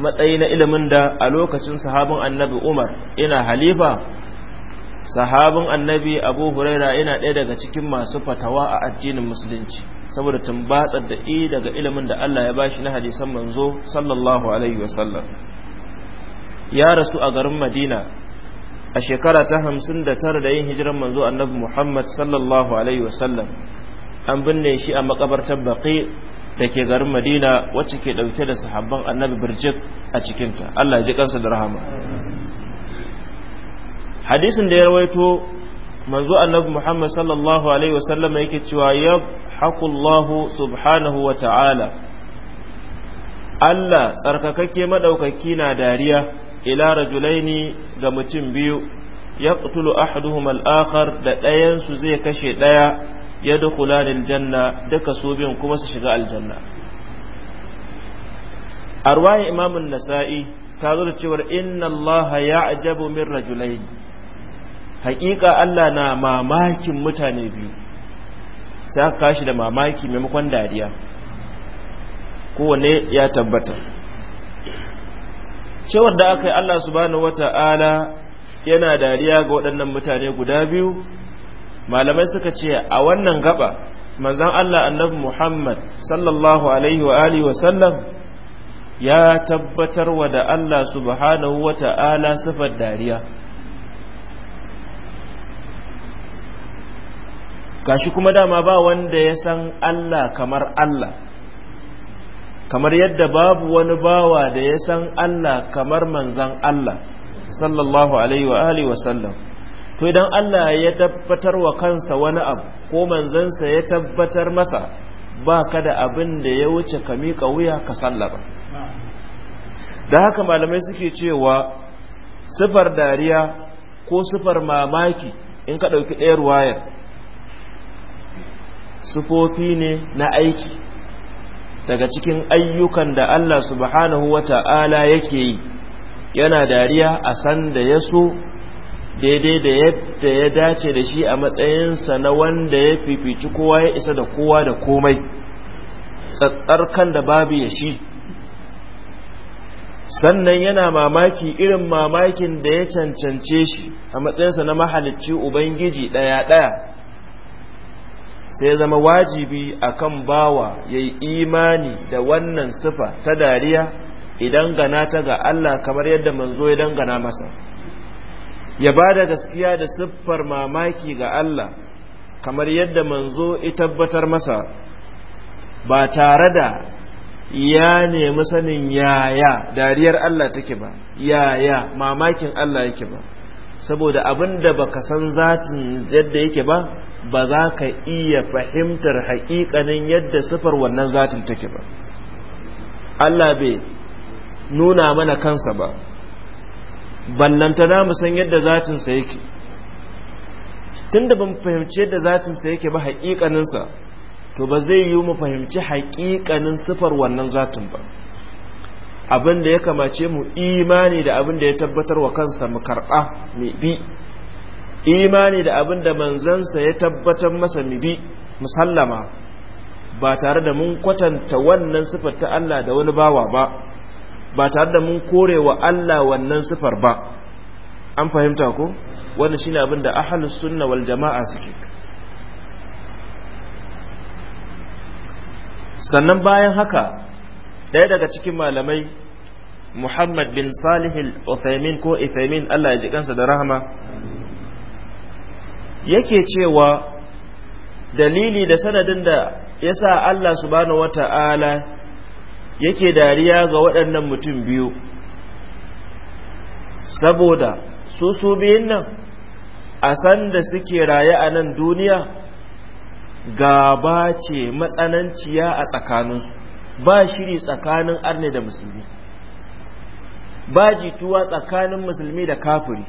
matsayi na ilimin da a lokacin sahabin annabi umar ina halifa sahabin annabi abu huraira yana ɗaya daga cikin masu fatawa a addinin musulunci saboda tumbatsar da i daga ilimin da Allah ya bashi na hadisan manzo sallallahu alaihi wasallam ya rasu a garin madina a shekara ta hamsin da tara da yin hijiran manzo annabi muhammad sallallahu alaihi wasallam an binne shi a makabartar baƙi da ke garin madina wacce ke ɗauke da sahabban annabi birjik a cikinta Allah ya ji kansa da rahama hadisin da ya rawaito manzo annabi Muhammad sallallahu alaihi wasallam yake cewa yadhaqullahu subhanahu wa ta'ala Allah tsarkakakke madaukaki na dariya ila rajulaini ga mutum biyu yaqtulu ahaduhum al-akhar da ɗayan su zai kashe ɗaya yadkhulani al-janna duka su biyun kuma su shiga aljanna arwaye imamun nasa'i ta zo da cewar inna allaha ya'jabu min rajulaini haƙiƙa Allah na mamakin mutane biyu sai aka kashi da mamaki maimakon dariya kowane ya tabbata cewar da aka yi Allah subhanahu wata'ala yana dariya ga waɗannan mutane guda biyu malamai suka ce a wannan gaba manzan Allah annabi Muhammad sallallahu alaihi wa alihi wa sallam ya tabbatar wa da Allah subhanahu wata'ala sifar dariya gashi kuma dama ba wanda ya san Allah kamar Allah kamar yadda babu wani bawa da ya san Allah kamar manzan Allah sallallahu alaihi wa alihi wa to idan Allah ya tabbatar wa kansa wani abu ko manzansa ya tabbatar masa ba ka da abin da ya wuce ka miƙa wuya ka sallaba da haka malamai suke cewa sifar dariya ko sifar mamaki in ka ɗauki ɗayar wayar sufofi ne na aiki daga cikin ayyukan da Allah subhanahu wa ta'ala yake yi yana dariya a san da ya so daidai da yadda ya dace da shi a matsayinsa na wanda ya fifici kowa ya isa da kowa da komai tsatsarkan da babu ya shi sannan yana mamaki irin mamakin da ya cancance shi a matsayinsa na mahalicci ubangiji ɗaya-ɗaya sai zama wajibi a kan bawa yayi imani da wannan sifa ta dariya idan gana ta ga Allah kamar yadda manzo ya dangana masa ya ba da gaskiya da siffar mamaki ga Allah kamar yadda manzo ya tabbatar masa ba tare da ya nemi sanin yaya dariyar Allah take ba yaya mamakin Allah yake ba saboda abinda baka san zatin yadda yake ba ba za ka iya fahimtar haƙiƙanin yadda sifar wannan zatin take ba Allah bai nuna mana kansa ba ballantana mu san yadda zatinsa yake tunda ban fahimci yadda zatinsa yake ba haƙiƙaninsa to ba zai yi mu fahimci haƙiƙanin sifar wannan zatin ba abin da ya kamace mu imani da abin da ya tabbatar wa kansa mu karɓa mu bi imani da abin da manzansa ya tabbatar masa mu bi musallama ba tare da mun kwatanta wannan sifar ta Allah da wani bawa ba ba tare da mun kore wa Allah wannan sifar ba an fahimta ko wanda shine abin da ahlus sunna wal jama'a suke sannan bayan haka ɗaya daga cikin malamai muhammad bin salihul uthaymin ko ifemin allah ya ji kansa da rahama yake cewa dalili da sanadin da ya sa allah subhanahu wata'ala yake dariya ga waɗannan mutum biyu saboda su su biyun nan a sanda suke raye a nan duniya gaba ce matsananciya a tsakaninsu ba shiri tsakanin arne da musulmi ba jituwa tsakanin musulmi da kafiri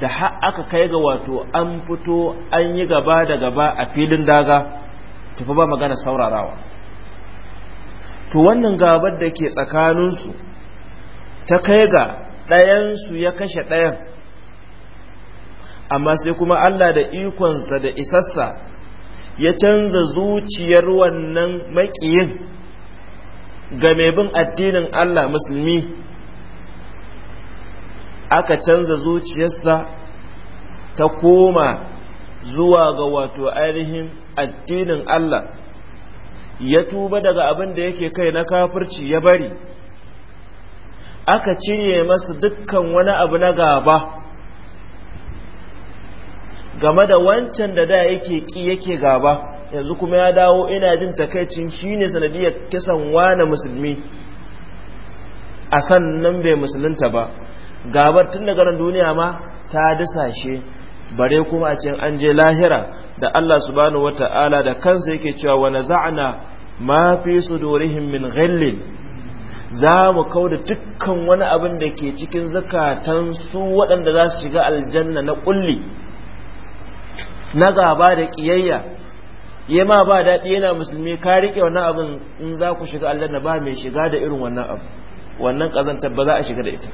da aka kai ga wato an fito an yi gaba da gaba a filin daga tafi ba magana saurarawa to wannan gabar da ke tsakaninsu ta kai ga ɗayansu ya kashe ɗayan amma sai kuma Allah da ikonsa da isassa ya canza zuciyar wannan maƙiyin ga mai bin addinin Allah musulmi aka canza zuciyarsa ta koma zuwa ga wato ainihin addinin Allah ya tuba daga abin da yake kai na kafirci ya bari aka cire masa dukkan wani abu na gaba game da wancan da da yake ki yake gaba yanzu kuma ya dawo ina jin takaicin shine sanadiyar kisan wane musulmi a sannan bai musulunta ba gabar tun daga ganin duniya ma ta shi bare kuma a cikin an je lahira da Allah subhanahu wata'ala da kansa yake cewa wa naza'na ma fi sudurihim min ghillin za mu kauda dukkan wani abin da ke cikin zakatan su waɗanda za su shiga aljanna na kulli na gaba da kiyayya ya ma ba daɗi yana musulmi ka riƙe wannan abin in za ku shiga Allah na ba mai shiga da irin wannan abu wannan ƙazantar ba za a shiga da ita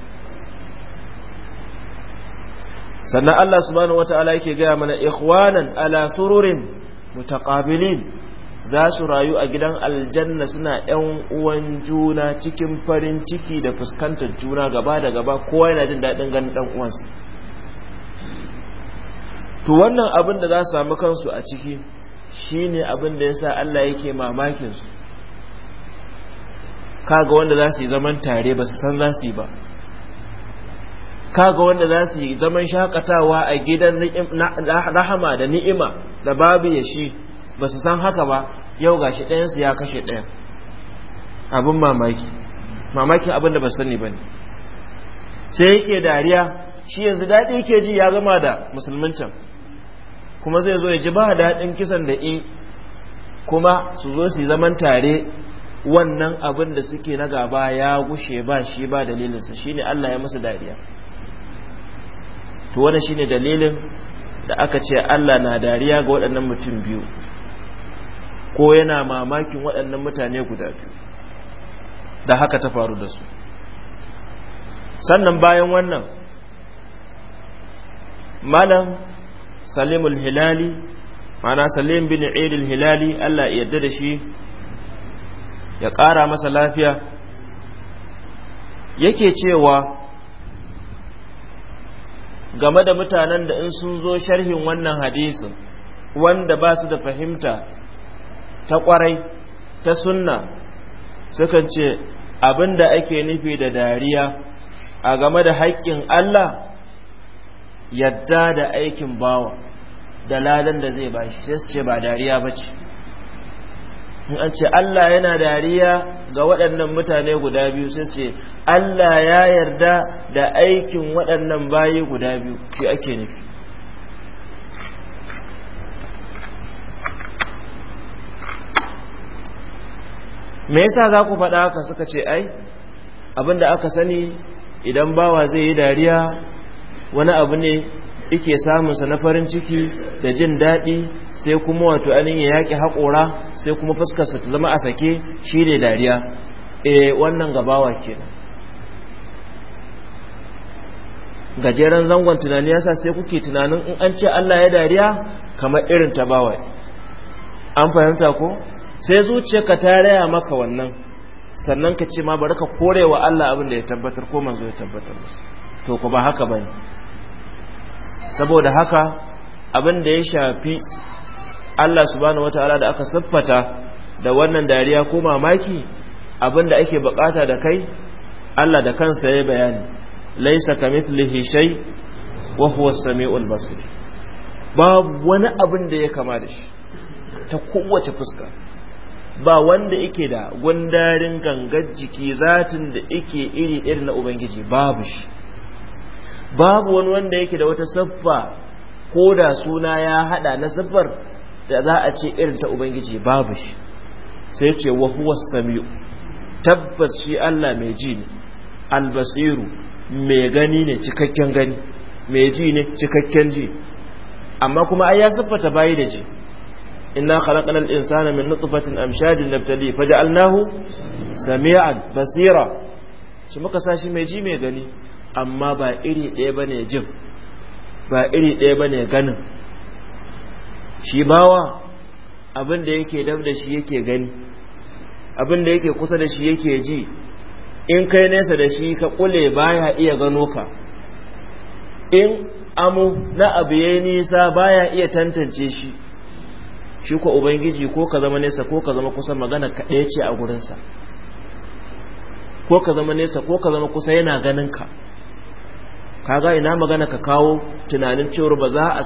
sannan Allah subhanahu wata'ala yake gaya mana ikhwanan ala sururin mutaqabilin za su rayu a gidan aljanna suna yan uwan juna cikin farin ciki da fuskantar juna gaba da gaba kowa yana jin daɗin ganin ɗan uwansa to wannan abin da za su samu kansu a ciki Shi ne abin da sa Allah yake mamakin su kaga wanda za su yi zaman tare ba su san za su yi ba kaga wanda za su yi zaman shakatawa a gidan rahama da ni'ima da babu ya shi ba su san haka ba yau ga shi ɗayansu ya kashe ɗaya abin mamaki mamakin abin da ba su sani ba ne sai yake dariya shi yanzu daɗi yake ji ya gama da musulmin can kuma zai zo ya ji ba daɗin kisan da in kuma su zo su zaman tare wannan abin da suke na gaba ya gushe ba shi ba dalilinsa shi ne Allah ya musu dariya to wani shi ne dalilin da aka ce Allah na dariya ga waɗannan mutum biyu ko yana mamakin waɗannan mutane guda biyu da haka ta faru da su sannan bayan wannan malam salimul hilali mana salim bin idil hilali Allah ya yarda da shi ya ƙara masa lafiya yake cewa game da mutanen da in sun zo sharhin wannan hadisin wanda ba su da fahimta ta kwarai ta sunna sukan ce abin da ake nufi da dariya a game da haƙƙin Allah yadda da aikin bawa da ladan da zai bashi sai su ce ba dariya ba ce in an ce Allah yana dariya ga waɗannan mutane guda biyu sai ce Allah ya yarda da aikin waɗannan bayi guda biyu shi ake nufi me yasa za ku faɗa haka suka ce ai abinda aka sani idan bawa zai yi dariya wani abu ne yake samunsa na farin ciki da jin daɗi sai kuma wato anin ya yaƙi haƙora sai kuma fuskarsa ta zama a sake shi ne dariya e wannan gabawa kenan gajeren zangon tunani yasa sai kuke tunanin in an ce Allah ya dariya kamar irin ta bawa an fahimta ko sai zuciyarka ta raya maka wannan sannan ka ce ma bari ka korewa Allah abin da ya tabbatar ko manzo ya tabbatar musu to ku ba haka bane saboda haka abin da ya shafi Allah subhanahu wataala da aka siffata da wannan dariya ko mamaki abin da ake bukata da kai Allah da kansa ya bayani laisa kamithlihi shay wa huwa as-sami'ul basir babu wani abin da ya kama da shi ta kowace fuska ba wanda yake da gundarin gangar jiki zatin da yake iri irin na ubangiji babu shi babu wani wanda yake da wata siffa ko da suna ya hada na siffar da za a ce irin ta ubangiji babu shi sai ce wa huwa samiu tabbas shi Allah mai ji ne albasiru mai gani ne cikakken gani mai ji ne cikakken ji amma kuma ai ya siffata bayi da ji inna khalaqna al-insana min nutfatin amshajin nabtali faj'alnahu samian basira shi muka sashi mai ji mai gani amma ba iri ɗaya ba ne jin ba iri ɗaya ba ne ganin shi bawa abin yake dab da shi yake gani abinda yake kusa da shi yake ji in kai nesa da shi ka kule baya iya gano ka in amu na abu ya nisa baya iya tantance shi shi ko ubangiji ko ka zama nesa ko ka zama kusa magana kaɗai ce a gurinsa ko ka zama nesa ko ka zama kusa yana ganin ka kaga ina magana ka kawo tunanin cewar ba za a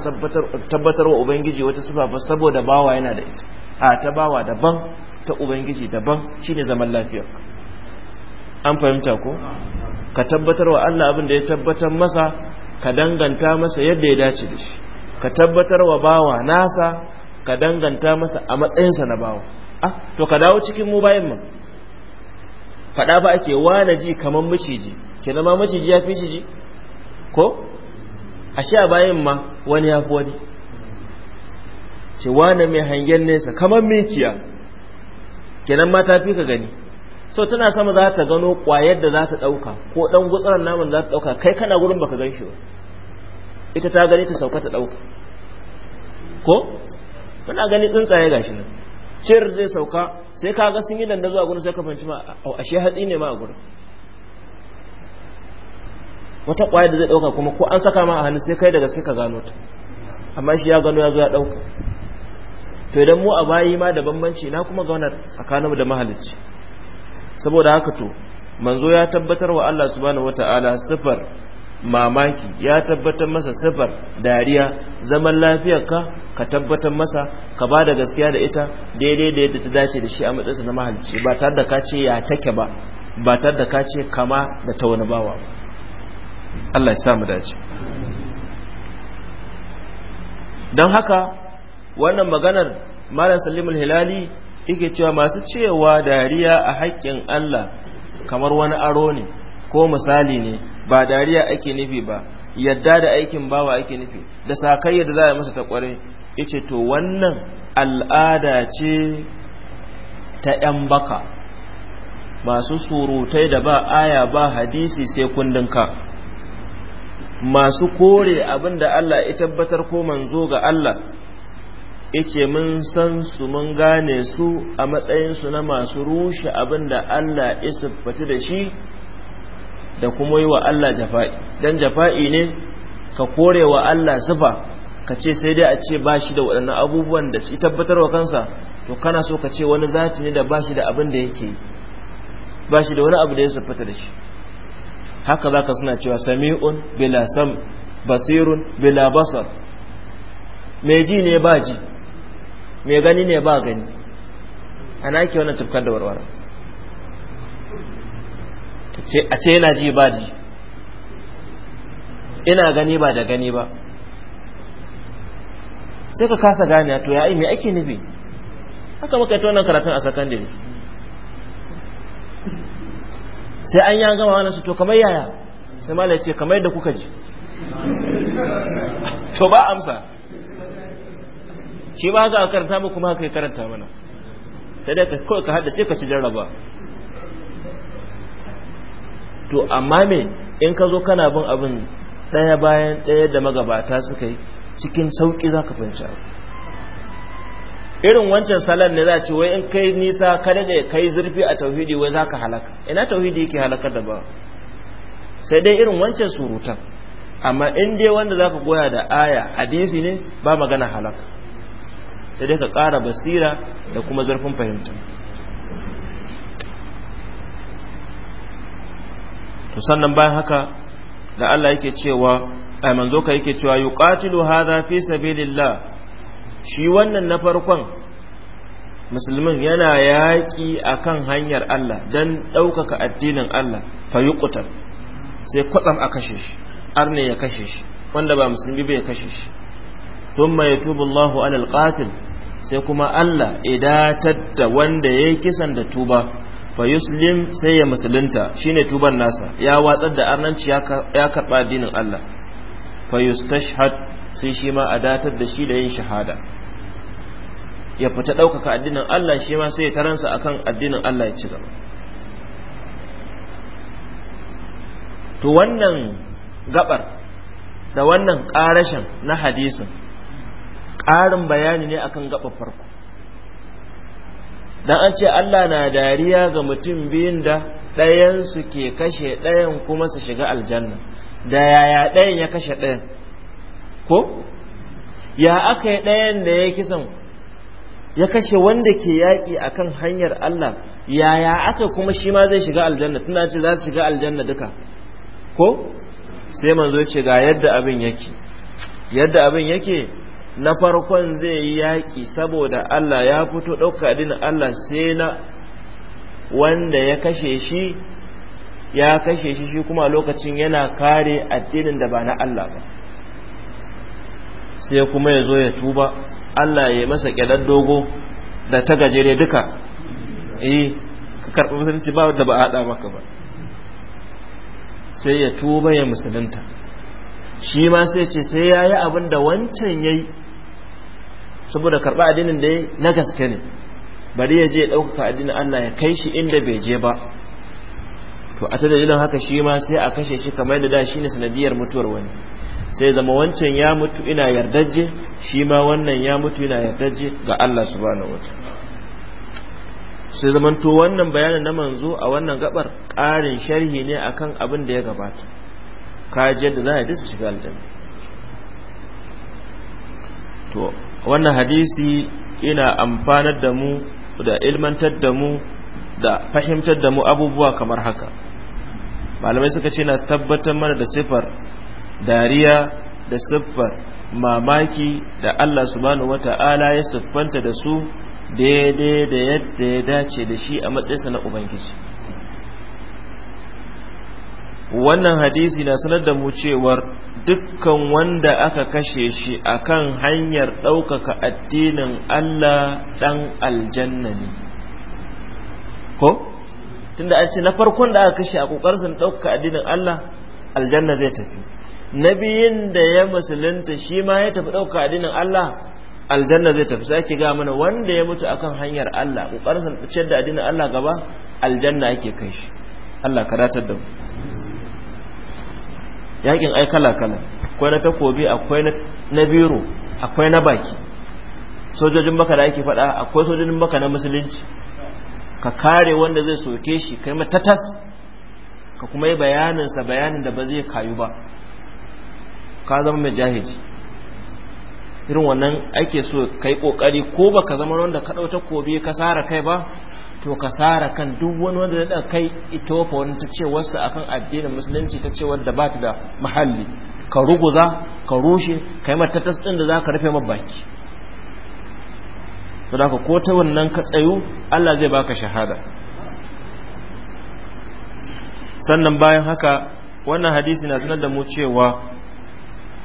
tabbatar wa ubangiji wata sifa ba saboda bawa yana da ita a ta bawa daban ta ubangiji daban shine zaman lafiya an fahimta ko ka tabbatar wa Allah abin da ya tabbatar masa ka danganta masa yadda ya dace da shi ka tabbatar wa bawa nasa ka danganta masa a matsayinsa na bawa ah to ka dawo cikin mu bayan mu faɗa ba ake wane ji kamar maciji kenan ma maciji ya fi shi ji ko ashe a bayan ma wani ya fi wani ce wane mai hangen nesa kamar mikiya kenan ma ta fi ka gani Sau tana sama za ta gano kwayar da za ta ɗauka ko ɗan gutsaran naman za ta ɗauka kai kana gurin baka gan shi ba ita ta gani ta sauka ta ɗauka ko kana gani tsuntsaye ga shi nan cir zai sauka sai ka ga sun yi danda zuwa gurin sai ka fahimci ma ashe hatsi ne ma a gurin wata kwaya da zai ɗauka kuma ko an saka ma a hannu sai kai da gaske ka gano ta amma shi ya gano ya zo ya dauka to idan mu a bayi ma da bambanci na kuma ga wannan tsakaninmu da mahalicci saboda haka to manzo ya tabbatar wa Allah subhanahu wataala sifar mamaki ya tabbatar masa sifar dariya zaman lafiyar ka ka tabbatar masa ka ba da gaskiya da ita daidai da yadda ta dace da shi a matsayinsa na mahalicci ba tare da ka ce ya take ba ba tare da ka ce kama da ta wani bawa ba Allah ya samu dace don haka wannan maganar malam salimul hilali yake cewa masu cewa dariya a haƙƙin Allah kamar wani aro ne ko misali ne ba dariya ake nufi ba yadda da aikin bawa ake nufi da sakayya da za a masa ta kware yace to wannan al'ada ce ta ‘yan baka masu surutai da ba aya ba hadisi sai kundin ka masu kore abin da Allah ya tabbatar ko manzo ga Allah yace mun san su mun gane su a matsayin su na masu rushe abin da Allah ya siffati da shi da kuma yi wa Allah jafa'i don jafa'i ne ka kore wa Allah zuba ka ce sai dai a ce ba shi da waɗannan abubuwan da shi wa kansa to kana so ka ce wani zati ne da ba shi da abin da yake ba shi da wani abu da ya siffata da shi haka zaka suna cewa sami'un bila sam basirun bila basar mai ji ne ba ji mai gani ne ba gani ana ake wannan tufkar da warware a ce yana ji ba ji ina gani ba da gani ba sai ka kasa gane to ya yi mai ake nufi haka muka yi wannan karatun a sakandare sai an ya gama wani su to kamar yaya sai malai ce kamar yadda kuka ji to ba amsa shi ba haka a karanta mu kuma haka ya karanta mana sai dai kawai ka haddace ka ci jarraba to amma me in ka zo kana bin abin ɗaya bayan ɗaya da magabata suka yi cikin sauƙi za ka fahimci abu irin wancan salan ne za ce wai in kai nisa ka daga kai zurfi a tauhidi wai za ka halaka ina tauhidi yake halakar da ba sai dai irin wancan surutan amma in dai wanda za ka goya da aya hadisi ne ba magana halaka sai dai ka ƙara basira da kuma zurfin fahimta to sannan bayan haka da Allah yake cewa ai manzo ka yake cewa yuqatilu hadha fi sabilillah shi wannan na farkon musulmin yana yaƙi a kan hanyar Allah don ɗaukaka addinin Allah ƙutar sai kwatsam a kashe shi arne ya kashe shi wanda ba musulmi bai kashe shi sun mai tubu Allah alal qatil sai kuma Allah idatar da wanda ya yi kisan da tuba Fayuslim sai ya musulunta ne tuban nasa ya watsar da arnanci ya karɓa addinin Allah fa sai shi ma a datar da shi da yin shahada ya fita ɗaukaka addinin Allah shi ma sai ya taransa akan addinin Allah ya ci gaba to wannan gabar da wannan ƙarashin na hadisin ƙarin bayani ne akan gabar farko dan an ce Allah na dariya ga mutum biyun da ɗayansu ke kashe ɗayan kuma su shiga aljanna da yaya ɗayan ya kashe ɗayan ko ya aka yi ɗayan da ya kisan ya kashe wanda ke yaƙi kan hanyar Allah yaya aka kuma shi ma zai shiga aljanna tunda ce za su shiga aljanna duka ko sai manzo ce ga yadda abin yake yadda abin yake na farkon zai yi yaƙi saboda Allah ya fito ɗauka adinin Allah sai na wanda ya kashe shi ya kashe shi shi kuma lokacin yana kare addinin da ba na Allah ba sai kuma ya zo ya tuba Allah ya masa kyalar dogo da ta gajere duka eh ka karɓi musulunci ba da ba a haɗa maka ba sai ya tuba ya musulunta shi ma sai ce sai ya yi abin da wancan ya yi saboda karɓa addinin da ya na gaske ne bari ya je ya ɗaukaka addinin Allah ya kai shi inda bai je ba to a ta dalilin haka shi ma sai a kashe shi kamar da da shi ne sanadiyar mutuwar wani sai zama wancan ya mutu ina yardaje shi ma wannan ya mutu ina yardaje ga Allah subhanahu wataala sai zaman to wannan bayanin na manzo a wannan gabar ƙarin sharhi ne akan abin da ya gabata kaji yadda za a disa shiga aljanna to wannan hadisi ina amfanar da mu da ilmantar da mu da fahimtar da mu abubuwa kamar haka malamai suka ce na tabbatar mana da sifar dariya da siffar mamaki da Allah subhanahu wata'ala ya siffanta da su daidai da yadda ya dace da shi a matsayinsa na ubangiji wannan hadisi na sanar da mu cewar dukkan wanda aka kashe shi akan hanyar ɗaukaka addinin Allah ɗan aljanna ne ko tunda an ce na farkon da aka kashe a ƙoƙarsa ɗaukaka addinin Allah aljanna zai tafi nabiyin da ya musulunta shi ma ya tafi ɗauka addinin Allah aljanna zai tafi sai ga mana wanda ya mutu akan hanyar Allah sa ciyar da addinin Allah gaba aljanna yake kai shi Allah ratar da mu yakin ai kala kala akwai na takobi akwai na biro akwai na baki sojojin baka da yake faɗa akwai sojojin baka na musulunci ka kare wanda zai soke shi kai tatas ka kuma yi bayaninsa bayanin da ba zai kayu ba ka zama mai jahiji irin wannan ake so kai kokari ko baka zama wanda ka dauta kobe ka sara kai ba to ka sara kan duk wani wanda da kai ita wani ta ce wasu akan addinin musulunci ta ce wanda ba ta da mahalli ka ruguza ka rushe kai ma tas din da zaka rufe ma baki to da ko ta wannan ka tsayu Allah zai baka shahada sannan bayan haka wannan hadisi na sanar da mu cewa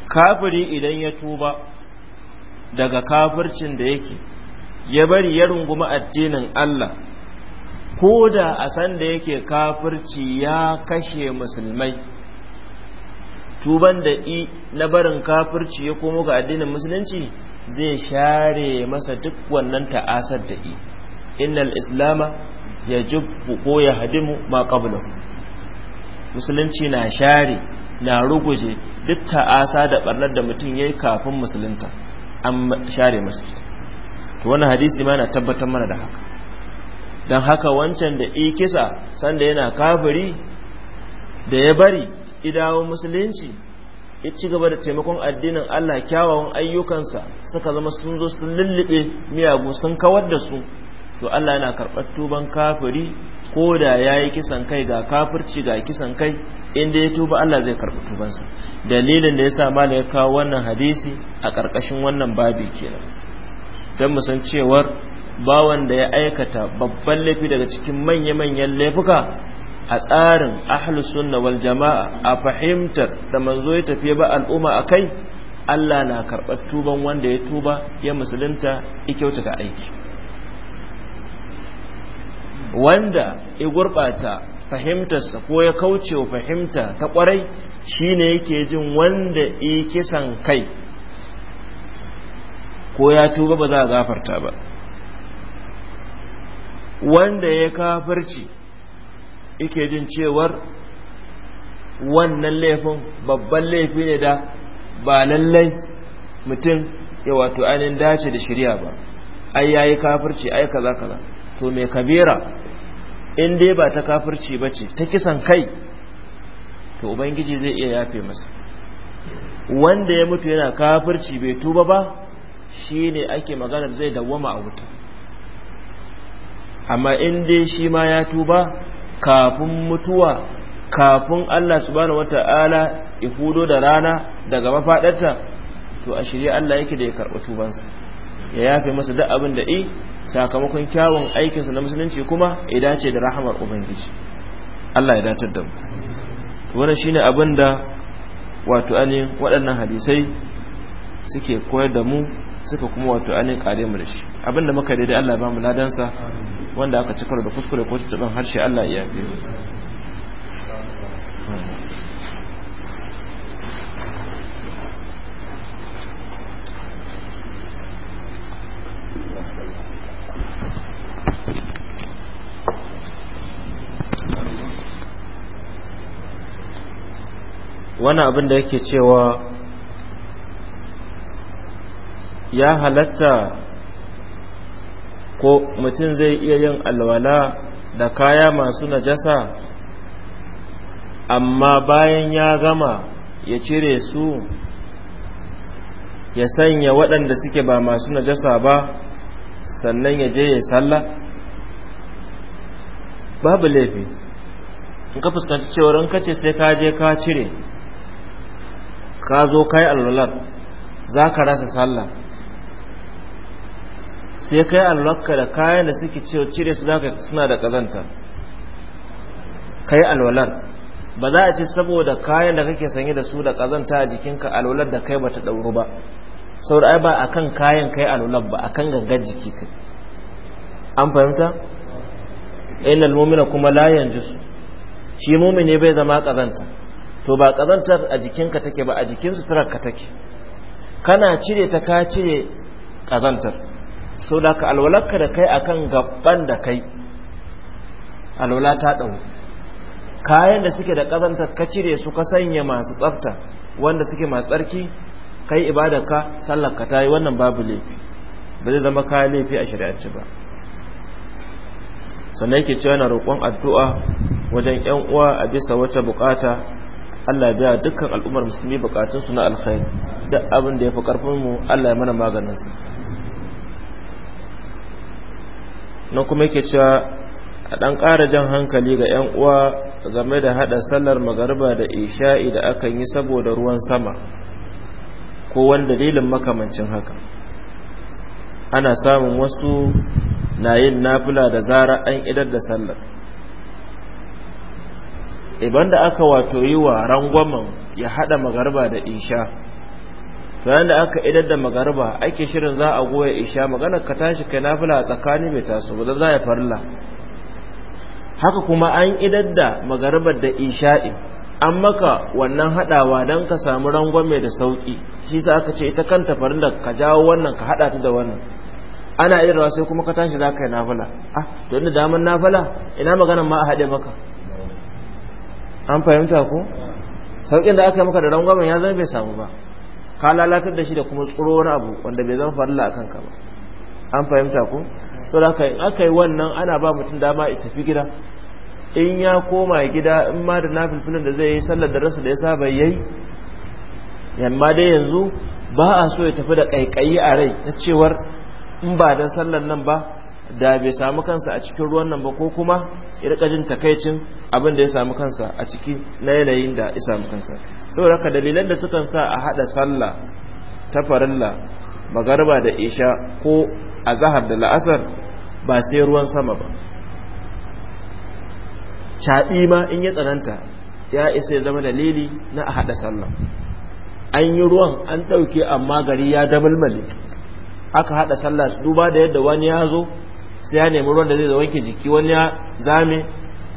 kafiri idan ya tuba daga kafircin da yake ya bari ya rungumi addinin Allah ko da a san da yake kafirci ya kashe musulmai tuban da i na barin kafirci ya komo ga addinin musulunci zai share masa duk wannan ta'asar da i innal islama ya jubbu ko ya hadimu ma qablahu musulunci na share na ruguje duk ta'asa da barnar da mutum yayi kafin musulunta an share masu to wannan hadisi ma na tabbatar mana da haka dan haka wancan da i kisa sanda yana kafiri da ya bari idawo musulunci ya ci gaba da taimakon addinin Allah kyawawan ayyukansa suka zama sun zo sun lullube miyagu sun kawar da su to Allah yana karɓar tuban kafiri ko da ya yi kisan kai ga kafirci ga kisan kai inda ya tuba Allah zai karɓi tubansa dalilin da ya sa mala ya kawo wannan hadisi a ƙarƙashin wannan babi kenan don mu san cewar bawan da ya aikata babban laifi daga cikin manya-manyan laifuka a tsarin ahlus sunna wal jama'a a fahimtar da manzo ya ba al'umma a kai. Allah na karɓar tuban wanda ya tuba ya musulunta ya ga aiki wanda ya gurɓata fahimtarsa ko ya kauce wa fahimta ta ƙwarai shine yake jin wanda ya kisan kai ko ya tuba ba za a gafarta ba wanda ya kafirci yake jin cewar wannan laifin babban laifi ne da ba lallai mutum ya wato ainihin dace da shirya ba ai yayi kafirci ai kaza kaza to mai kabira in dai ba ta kafirci ba ce ta kisan kai to ubangiji zai iya yafe masa wanda ya mutu yana kafirci bai tuba ba shi ne ake maganar zai dawwama a wuta amma in dai shi ma ya tuba kafin mutuwa kafin Allah subhanahu wata'ala ya hudo da rana daga mafaɗarta to a shirya Allah yake da ya karɓi tubansa ya yafe masa duk abin da i sakamakon kyawun aikinsa na musulunci kuma ya dace da rahamar ubangiji Allah ya datar da mu wannan shine abin da wato ani waɗannan hadisai suke koyar da mu suka kuma wato ani kare mu da shi abinda muka daidai Allah ya ba mu ladansa wanda aka cika da kuskure ko tuban harshe Allah ya yafe mu wani abin da yake cewa ya halatta ko mutum zai iya yin alwala da kaya masu najasa amma bayan ya gama ya cire su ya sanya waɗanda suke ba masu najasa ba sannan ya je ya sallah babu laifi in ka fuskanci cewar in kace sai ka je ka cire ka zo kai alwalar za ka rasa sallah sai kai alwalarka da kayan da suke cire su za suna da kazanta kai alwalar ba za a ce saboda kayan da kake sanye da su da kazanta a jikinka alwalar da kai ba ta dauro ba saboda ai ba kan kayan kai alwalar ba a kan gangar jiki kai an fahimta innal mu'mina kuma la yanjusu shi mu'mini bai zama kazanta to ba kazantar a jikinka take ba a jikin suturarka take kana cire ta ka cire ƙazantar so da ka alwalarka da kai akan gabban da kai alwala ta ɗau kayan da suke da ƙazantar ka cire su ka sanya masu tsafta wanda suke masu tsarki kai ibadarka sallarka ta yi wannan babu laifi ba zai zama ka laifi a shari'arci ba sannan yake cewa na roƙon addu'a wajen ‘yan uwa a bisa wata buƙata. Allah ya biya dukkan al'ummar musulmi bukatun su na alkhairi duk abin da ya fi karfin mu Allah ya mana maganin su na kuma yake cewa a dan ƙara jan hankali ga yan uwa game da hada sallar magariba da isha'i da akan yi saboda ruwan sama ko wani dalilin makamancin haka ana samun wasu na yin nafila da zara an idar da sallar iban da aka wato yi wa rangwamen ya hada magarba da isha bayan da aka idar da magarba ake shirin za a goya isha magana ka tashi kai nafila a tsakani mai taso ba za ya farla haka kuma an idar da magarbar da isha'i an maka wannan hadawa don ka samu rangwame da sauki shi sa aka ce ita kanta farin da ka jawo wannan ka hada ta da wannan ana idarwa sai kuma ka tashi za ka yi nafila ah to inda damar nafila ina maganar ma a haɗe maka an fahimta ku? saukin da aka yi maka da rangwamen ya zama bai samu ba ka lalatar da shi da kuma tsoro wani abu wanda bai zama farilla a kanka ba an fahimta ku? so da in aka yi wannan ana ba mutum dama ya tafi gida in ya koma gida in ma da nafilfilin da zai yi sallar da rasa da ya saba yi yamma dai yanzu ba a so ya tafi da kaikayi a rai na cewar in ba dan sallar nan ba da bai samu kansa a cikin ruwan nan ba ko kuma ya jin takaicin abin da ya samu kansa a ciki na yanayin da ya samu kansa saboda haka dalilan da sukan sa a haɗa sallah ta farilla magarba da isha ko a zahar da la'asar ba sai ruwan sama ba Caɗi ma in ya tsananta ya isa ya zama dalili na a hada sallah an yi ruwan an ɗauke amma gari ya damalmale aka hada sallah duba da yadda wani ya zo sai ya nemi ruwan da zai wanke jiki wani ya zame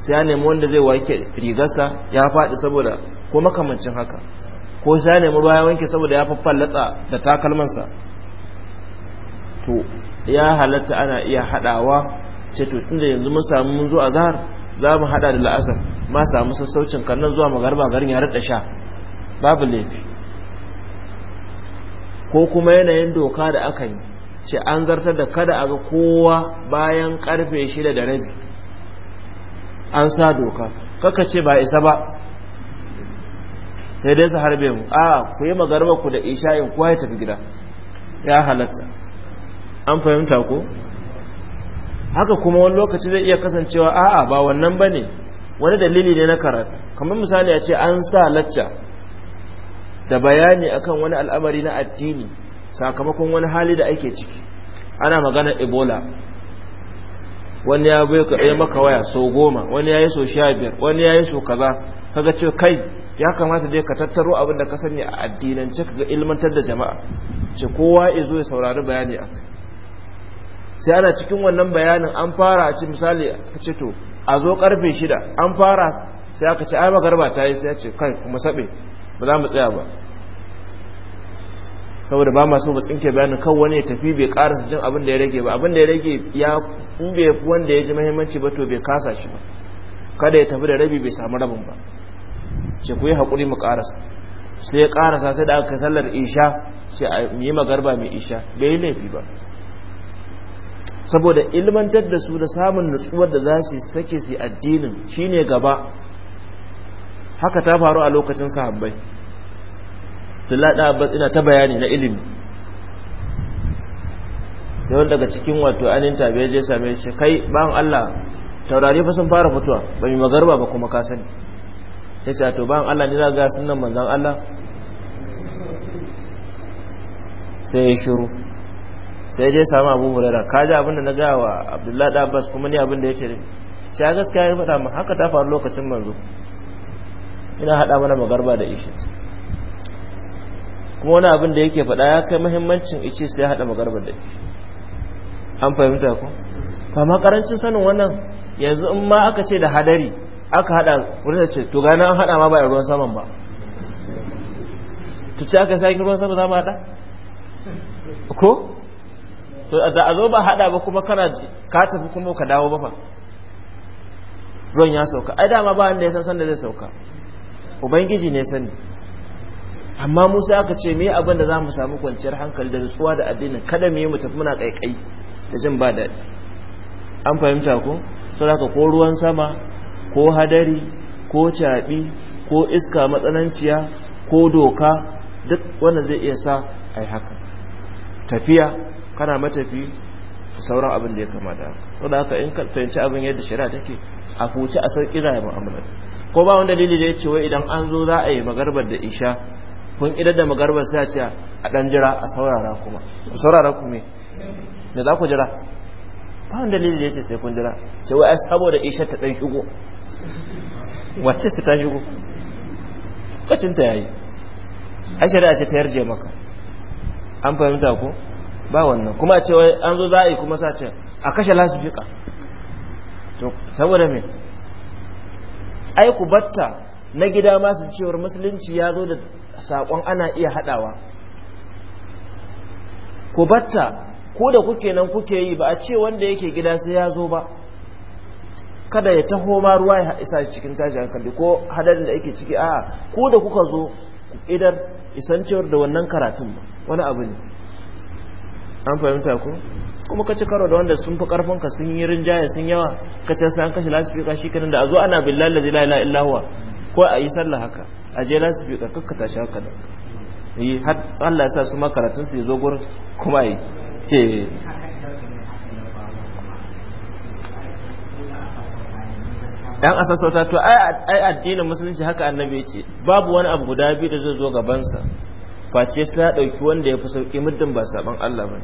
sai ya nemi wanda zai wanke rigarsa ya faɗi saboda ko makamancin haka ko sai ya nemi ruwa ya wanke saboda ya faffallatsa da takalmansa to ya halatta ana iya haɗawa ce to tunda yanzu mun samu mun zo zahar za mu haɗa da la'asar ma samu sassaucin kannan zuwa magarba garin ya rada sha babu laifi ko kuma yanayin doka da aka yi ce an zartar da kada a ga kowa bayan karfe shida da rabi an sa doka kaka ce ba isa ba sai dai su harbe mu a ku yi magarba ku da isha'in kuwa ya tafi gida ya halatta an fahimta ko haka kuma wani lokaci zai iya kasancewa a ba wannan ba ne wani dalili ne na karatu kamar misali a ce an sa lacca da bayani akan wani al'amari na addini sakamakon wani hali da ake ciki ana magana ebola wani ya bai maka waya so goma wani ya yi so sha biyar wani ya yi so kaza kaga ce kai ya kamata dai ka tattaro abin da ka sani a addinance ka ilmantar da jama'a ce kowa ya zo ya saurari bayani a sai ana cikin wannan bayanin an fara a ci misali a ce to a zo karfe shida an fara sai aka ce ai magarba ta yi sai ya ce kai kuma sabe ba za mu tsaya ba saboda ba masu ba tsinke bayanin kan wani ya tafi bai karasa jin abin da ya rage ba abin da ya rage ya kube wanda ya ji mahimmanci ba to bai kasa shi ba kada ya tafi da rabi bai samu rabin ba ce ku yi haƙuri mu karasa sai ya karasa sai da aka sallar isha sai a yi magarba mai isha bai yi laifi ba saboda ilmantar da su da samun nutsuwar da za su sake su addinin shine gaba haka ta faru a lokacin sahabbai Abdullahi da Abbas ina ta bayani na ilimi sai wanda daga cikin wato aninta bai je same shi kai ban Allah taurari fa sun fara mutuwa ba mi magarba ba kuma ka sani yace to ban Allah ne za ga sunan manzan Allah sai ya shiru sai je samu Abu Hurairah ka ji abinda na ga wa Abdullahi da Abbas kuma ni abin da yace sai gaskiya ya faɗa mu haka ta faru lokacin manzo ina hada mana magarba da isha kuma wani abin da yake faɗa ya kai mahimmancin ice sai ya haɗa magarbar da an fahimta ku kama makarancin sanin wannan yanzu in ma aka ce da hadari aka haɗa wurin da ce to gani an haɗa ma ba ruwan saman ba to ce aka sake ruwan saman za mu haɗa ko to da a zo ba haɗa ba kuma kana ka tafi kuma ka dawo ba fa ruwan ya sauka ai dama ba wanda ya san sanda zai sauka ubangiji ne sani amma musa aka ce me abin da za mu samu kwanciyar hankali da nutsuwa da addinin kada mu yi mu tafi muna kaikai da jin ba daɗi an fahimta ko saboda ko ruwan sama ko hadari ko caɓi ko iska matsananciya ko doka duk wanda zai iya sa ai haka tafiya kana matafi sauran abin da ya kamata saboda haka in ka fahimci abin yadda shari'a take a huce a sauƙi za a yi mu'amala ko ba wani dalili da ya ce wai idan an zo za a yi magarbar da isha kun idar da magarbar sai a ce a ɗan jira a saurara kuma a saurara kuma me za ku jira ba wani dalili ya ce sai kun jira ce wai saboda isha ta ɗan shigo wacce su ta shigo kacin ta yayi a shari'a ce ta yarje maka an fahimta ku ba wannan kuma a ce wai an zo za a yi kuma sa ce a kashe lasifika to saboda me ai ku batta na gida masu cewar musulunci ya zo da saƙon ana iya haɗawa ku batta ko da kuke nan kuke yi ba a ce wanda yake gida sai ya zo ba kada ya taho ma ruwa ya isa cikin tashi hankali ko hadarin da yake ciki a ko da kuka zo idan isancewar da wannan karatun wani abu ne an fahimta ku kuma ka karo da wanda sun fi karfinka sun yi rinjaye sun yawa ka sa sai an lasifika shi kanin da a zo ana billahi la ilaha illahuwa ko a yi sallah haka a je na su fi kakka tashi haka da yi eh, har Allah ya sa su makaratun su zo gurin kuma yi eh. dan a asasauta to ai addinin musulunci haka annabi ya ce babu wani abu guda biyu da zai zo gabansa face sai ya ɗauki wanda ya fi sauƙi muddin ba saɓan Allah ba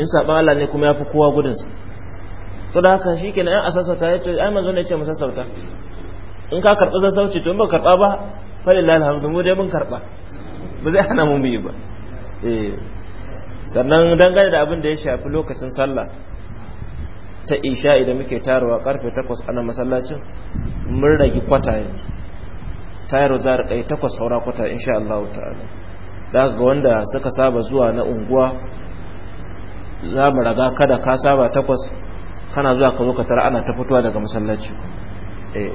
in saɓan Allah ne kuma ya fi kowa gudunsa to da haka shi kenan yan a sassauta ya ce ai manzo ne ya ce mu in ka karɓi sassauci to in ba karɓa ba falillah alhamdu mu dai mun karɓa ba zai hana mun yi ba eh. sannan dangane da abin da ya shafi lokacin sallah ta isha idan muke tarawa karfe takwas ana masallacin mun rage kwata yanzu tayar za a ɗai takwas saura kwata sha Allah ta'ala da ga wanda suka saba zuwa na unguwa za mu raga kada ka saba takwas kana zuwa ka zo ka tara ana ta fitowa daga masallaci eh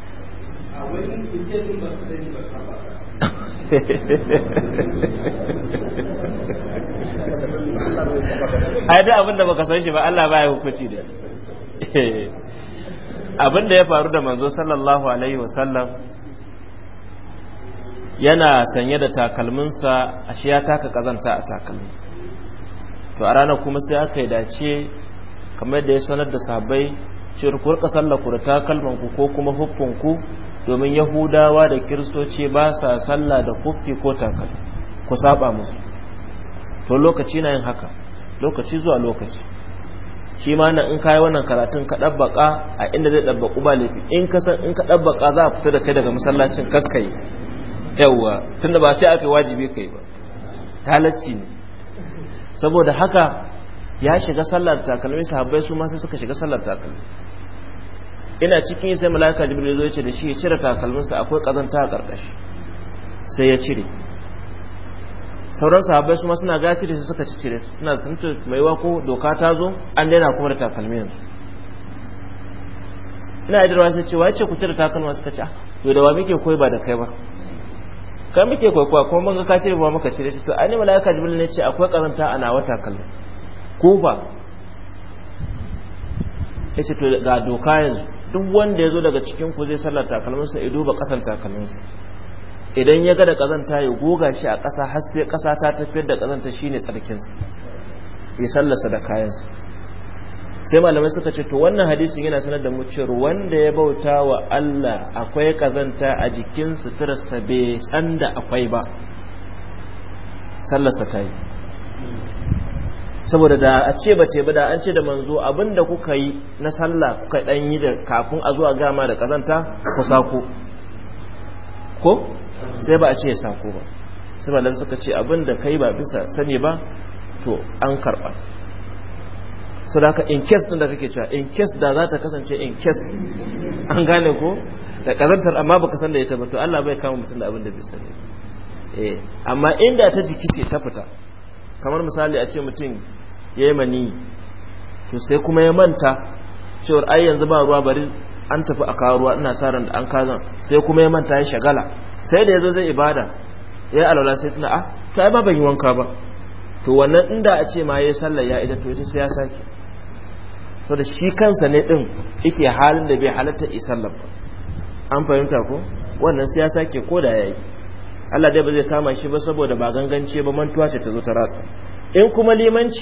ai duk abin da baka san shi ba Allah ya hukunci da abin da ya faru da manzo sallallahu alaihi wasallam yana sanye da takalminsa shi ya taka kazanta a takalmi to a ranar kuma sai aka yi dace kamar da ya sanar da sabai cikin ku rika sallar da takalman ku ko kuma hukunku. domin yahudawa da kiristoci ba sa sallah da kufi ko takalmi ku saba musu to lokaci na yin haka lokaci zuwa lokaci shi ma nan in kayi wannan karatun ka dabbaka a inda zai dabbaku ba laifi in ka san in ka dabbaka za a fita da kai daga masallacin kakkai yawa tunda ba ce aka wajibi kai ba talacci ne saboda haka ya shiga sallar takalmi sahabbai su ma sai suka shiga sallar takalmi ina cikin sai malaka jibril zo ce da shi ya cire takalminsa akwai kazanta a karkashi sai ya cire sauran sahabbai su ma suna gaci da su suka ci cire suna santo mai wako doka ta zo an daina kuma da takalmi yanzu ina idarwa sai cewa ya ce ku cire takalma suka ci ah, to da wa muke koyi ba da kai ba kai muke kuwa kuma mun ga ka cire ba muka cire shi to ani malaka jibril ne ce akwai kazanta ana wata kallon ko ba ce to ga doka yanzu duk wanda ya zo daga cikinku zai sallar takalminsa ya duba ƙasar takalminsa idan ya ga da ƙazanta ya goga shi a ƙasa har sai ƙasa ta tafiyar da ƙazanta shine tsarkinsa ya sallarsa da kayansa sai malamai suka ce to wannan hadisin yana sanar da mu cewa wanda ya bauta wa Allah akwai ƙazanta a jikin suturarsa bai san da akwai ba sallarsa ta yi saboda da a ce ba ba da an ce da manzo abinda kuka yi na sallah kuka dan yi da kafin a zuwa gama da kazanta ku sako ko sai ba a ce ya sako ba sai malam suka ce abinda kai ba bisa sani ba to an karba so da ka in case din da kake cewa in case da za ta kasance in case an gane ko da kazantar amma baka san da ita ba to Allah bai kama mutum da abin da bai sani eh amma inda ta jiki ce ta fita kamar misali a ce mutum ya yi mani to sai kuma ya manta cewar ai yanzu ba ruwa bari an tafi a kawo ruwa ina sa ran da an kazan sai kuma ya manta ya shagala sai da ya zai ibada ya alwala sai tuna ah to ai ba ban yi wanka ba to wannan inda a ce ma ya yi sallar ya ida to sai ya saki so da shi kansa ne din yake halin da bai halatta yi sallar ba an fahimta ko wannan sai ya saki ko da ya Allah dai ba zai kama shi ba saboda ba gangance ba mantuwa ce ta zo ta ratsa in kuma limanci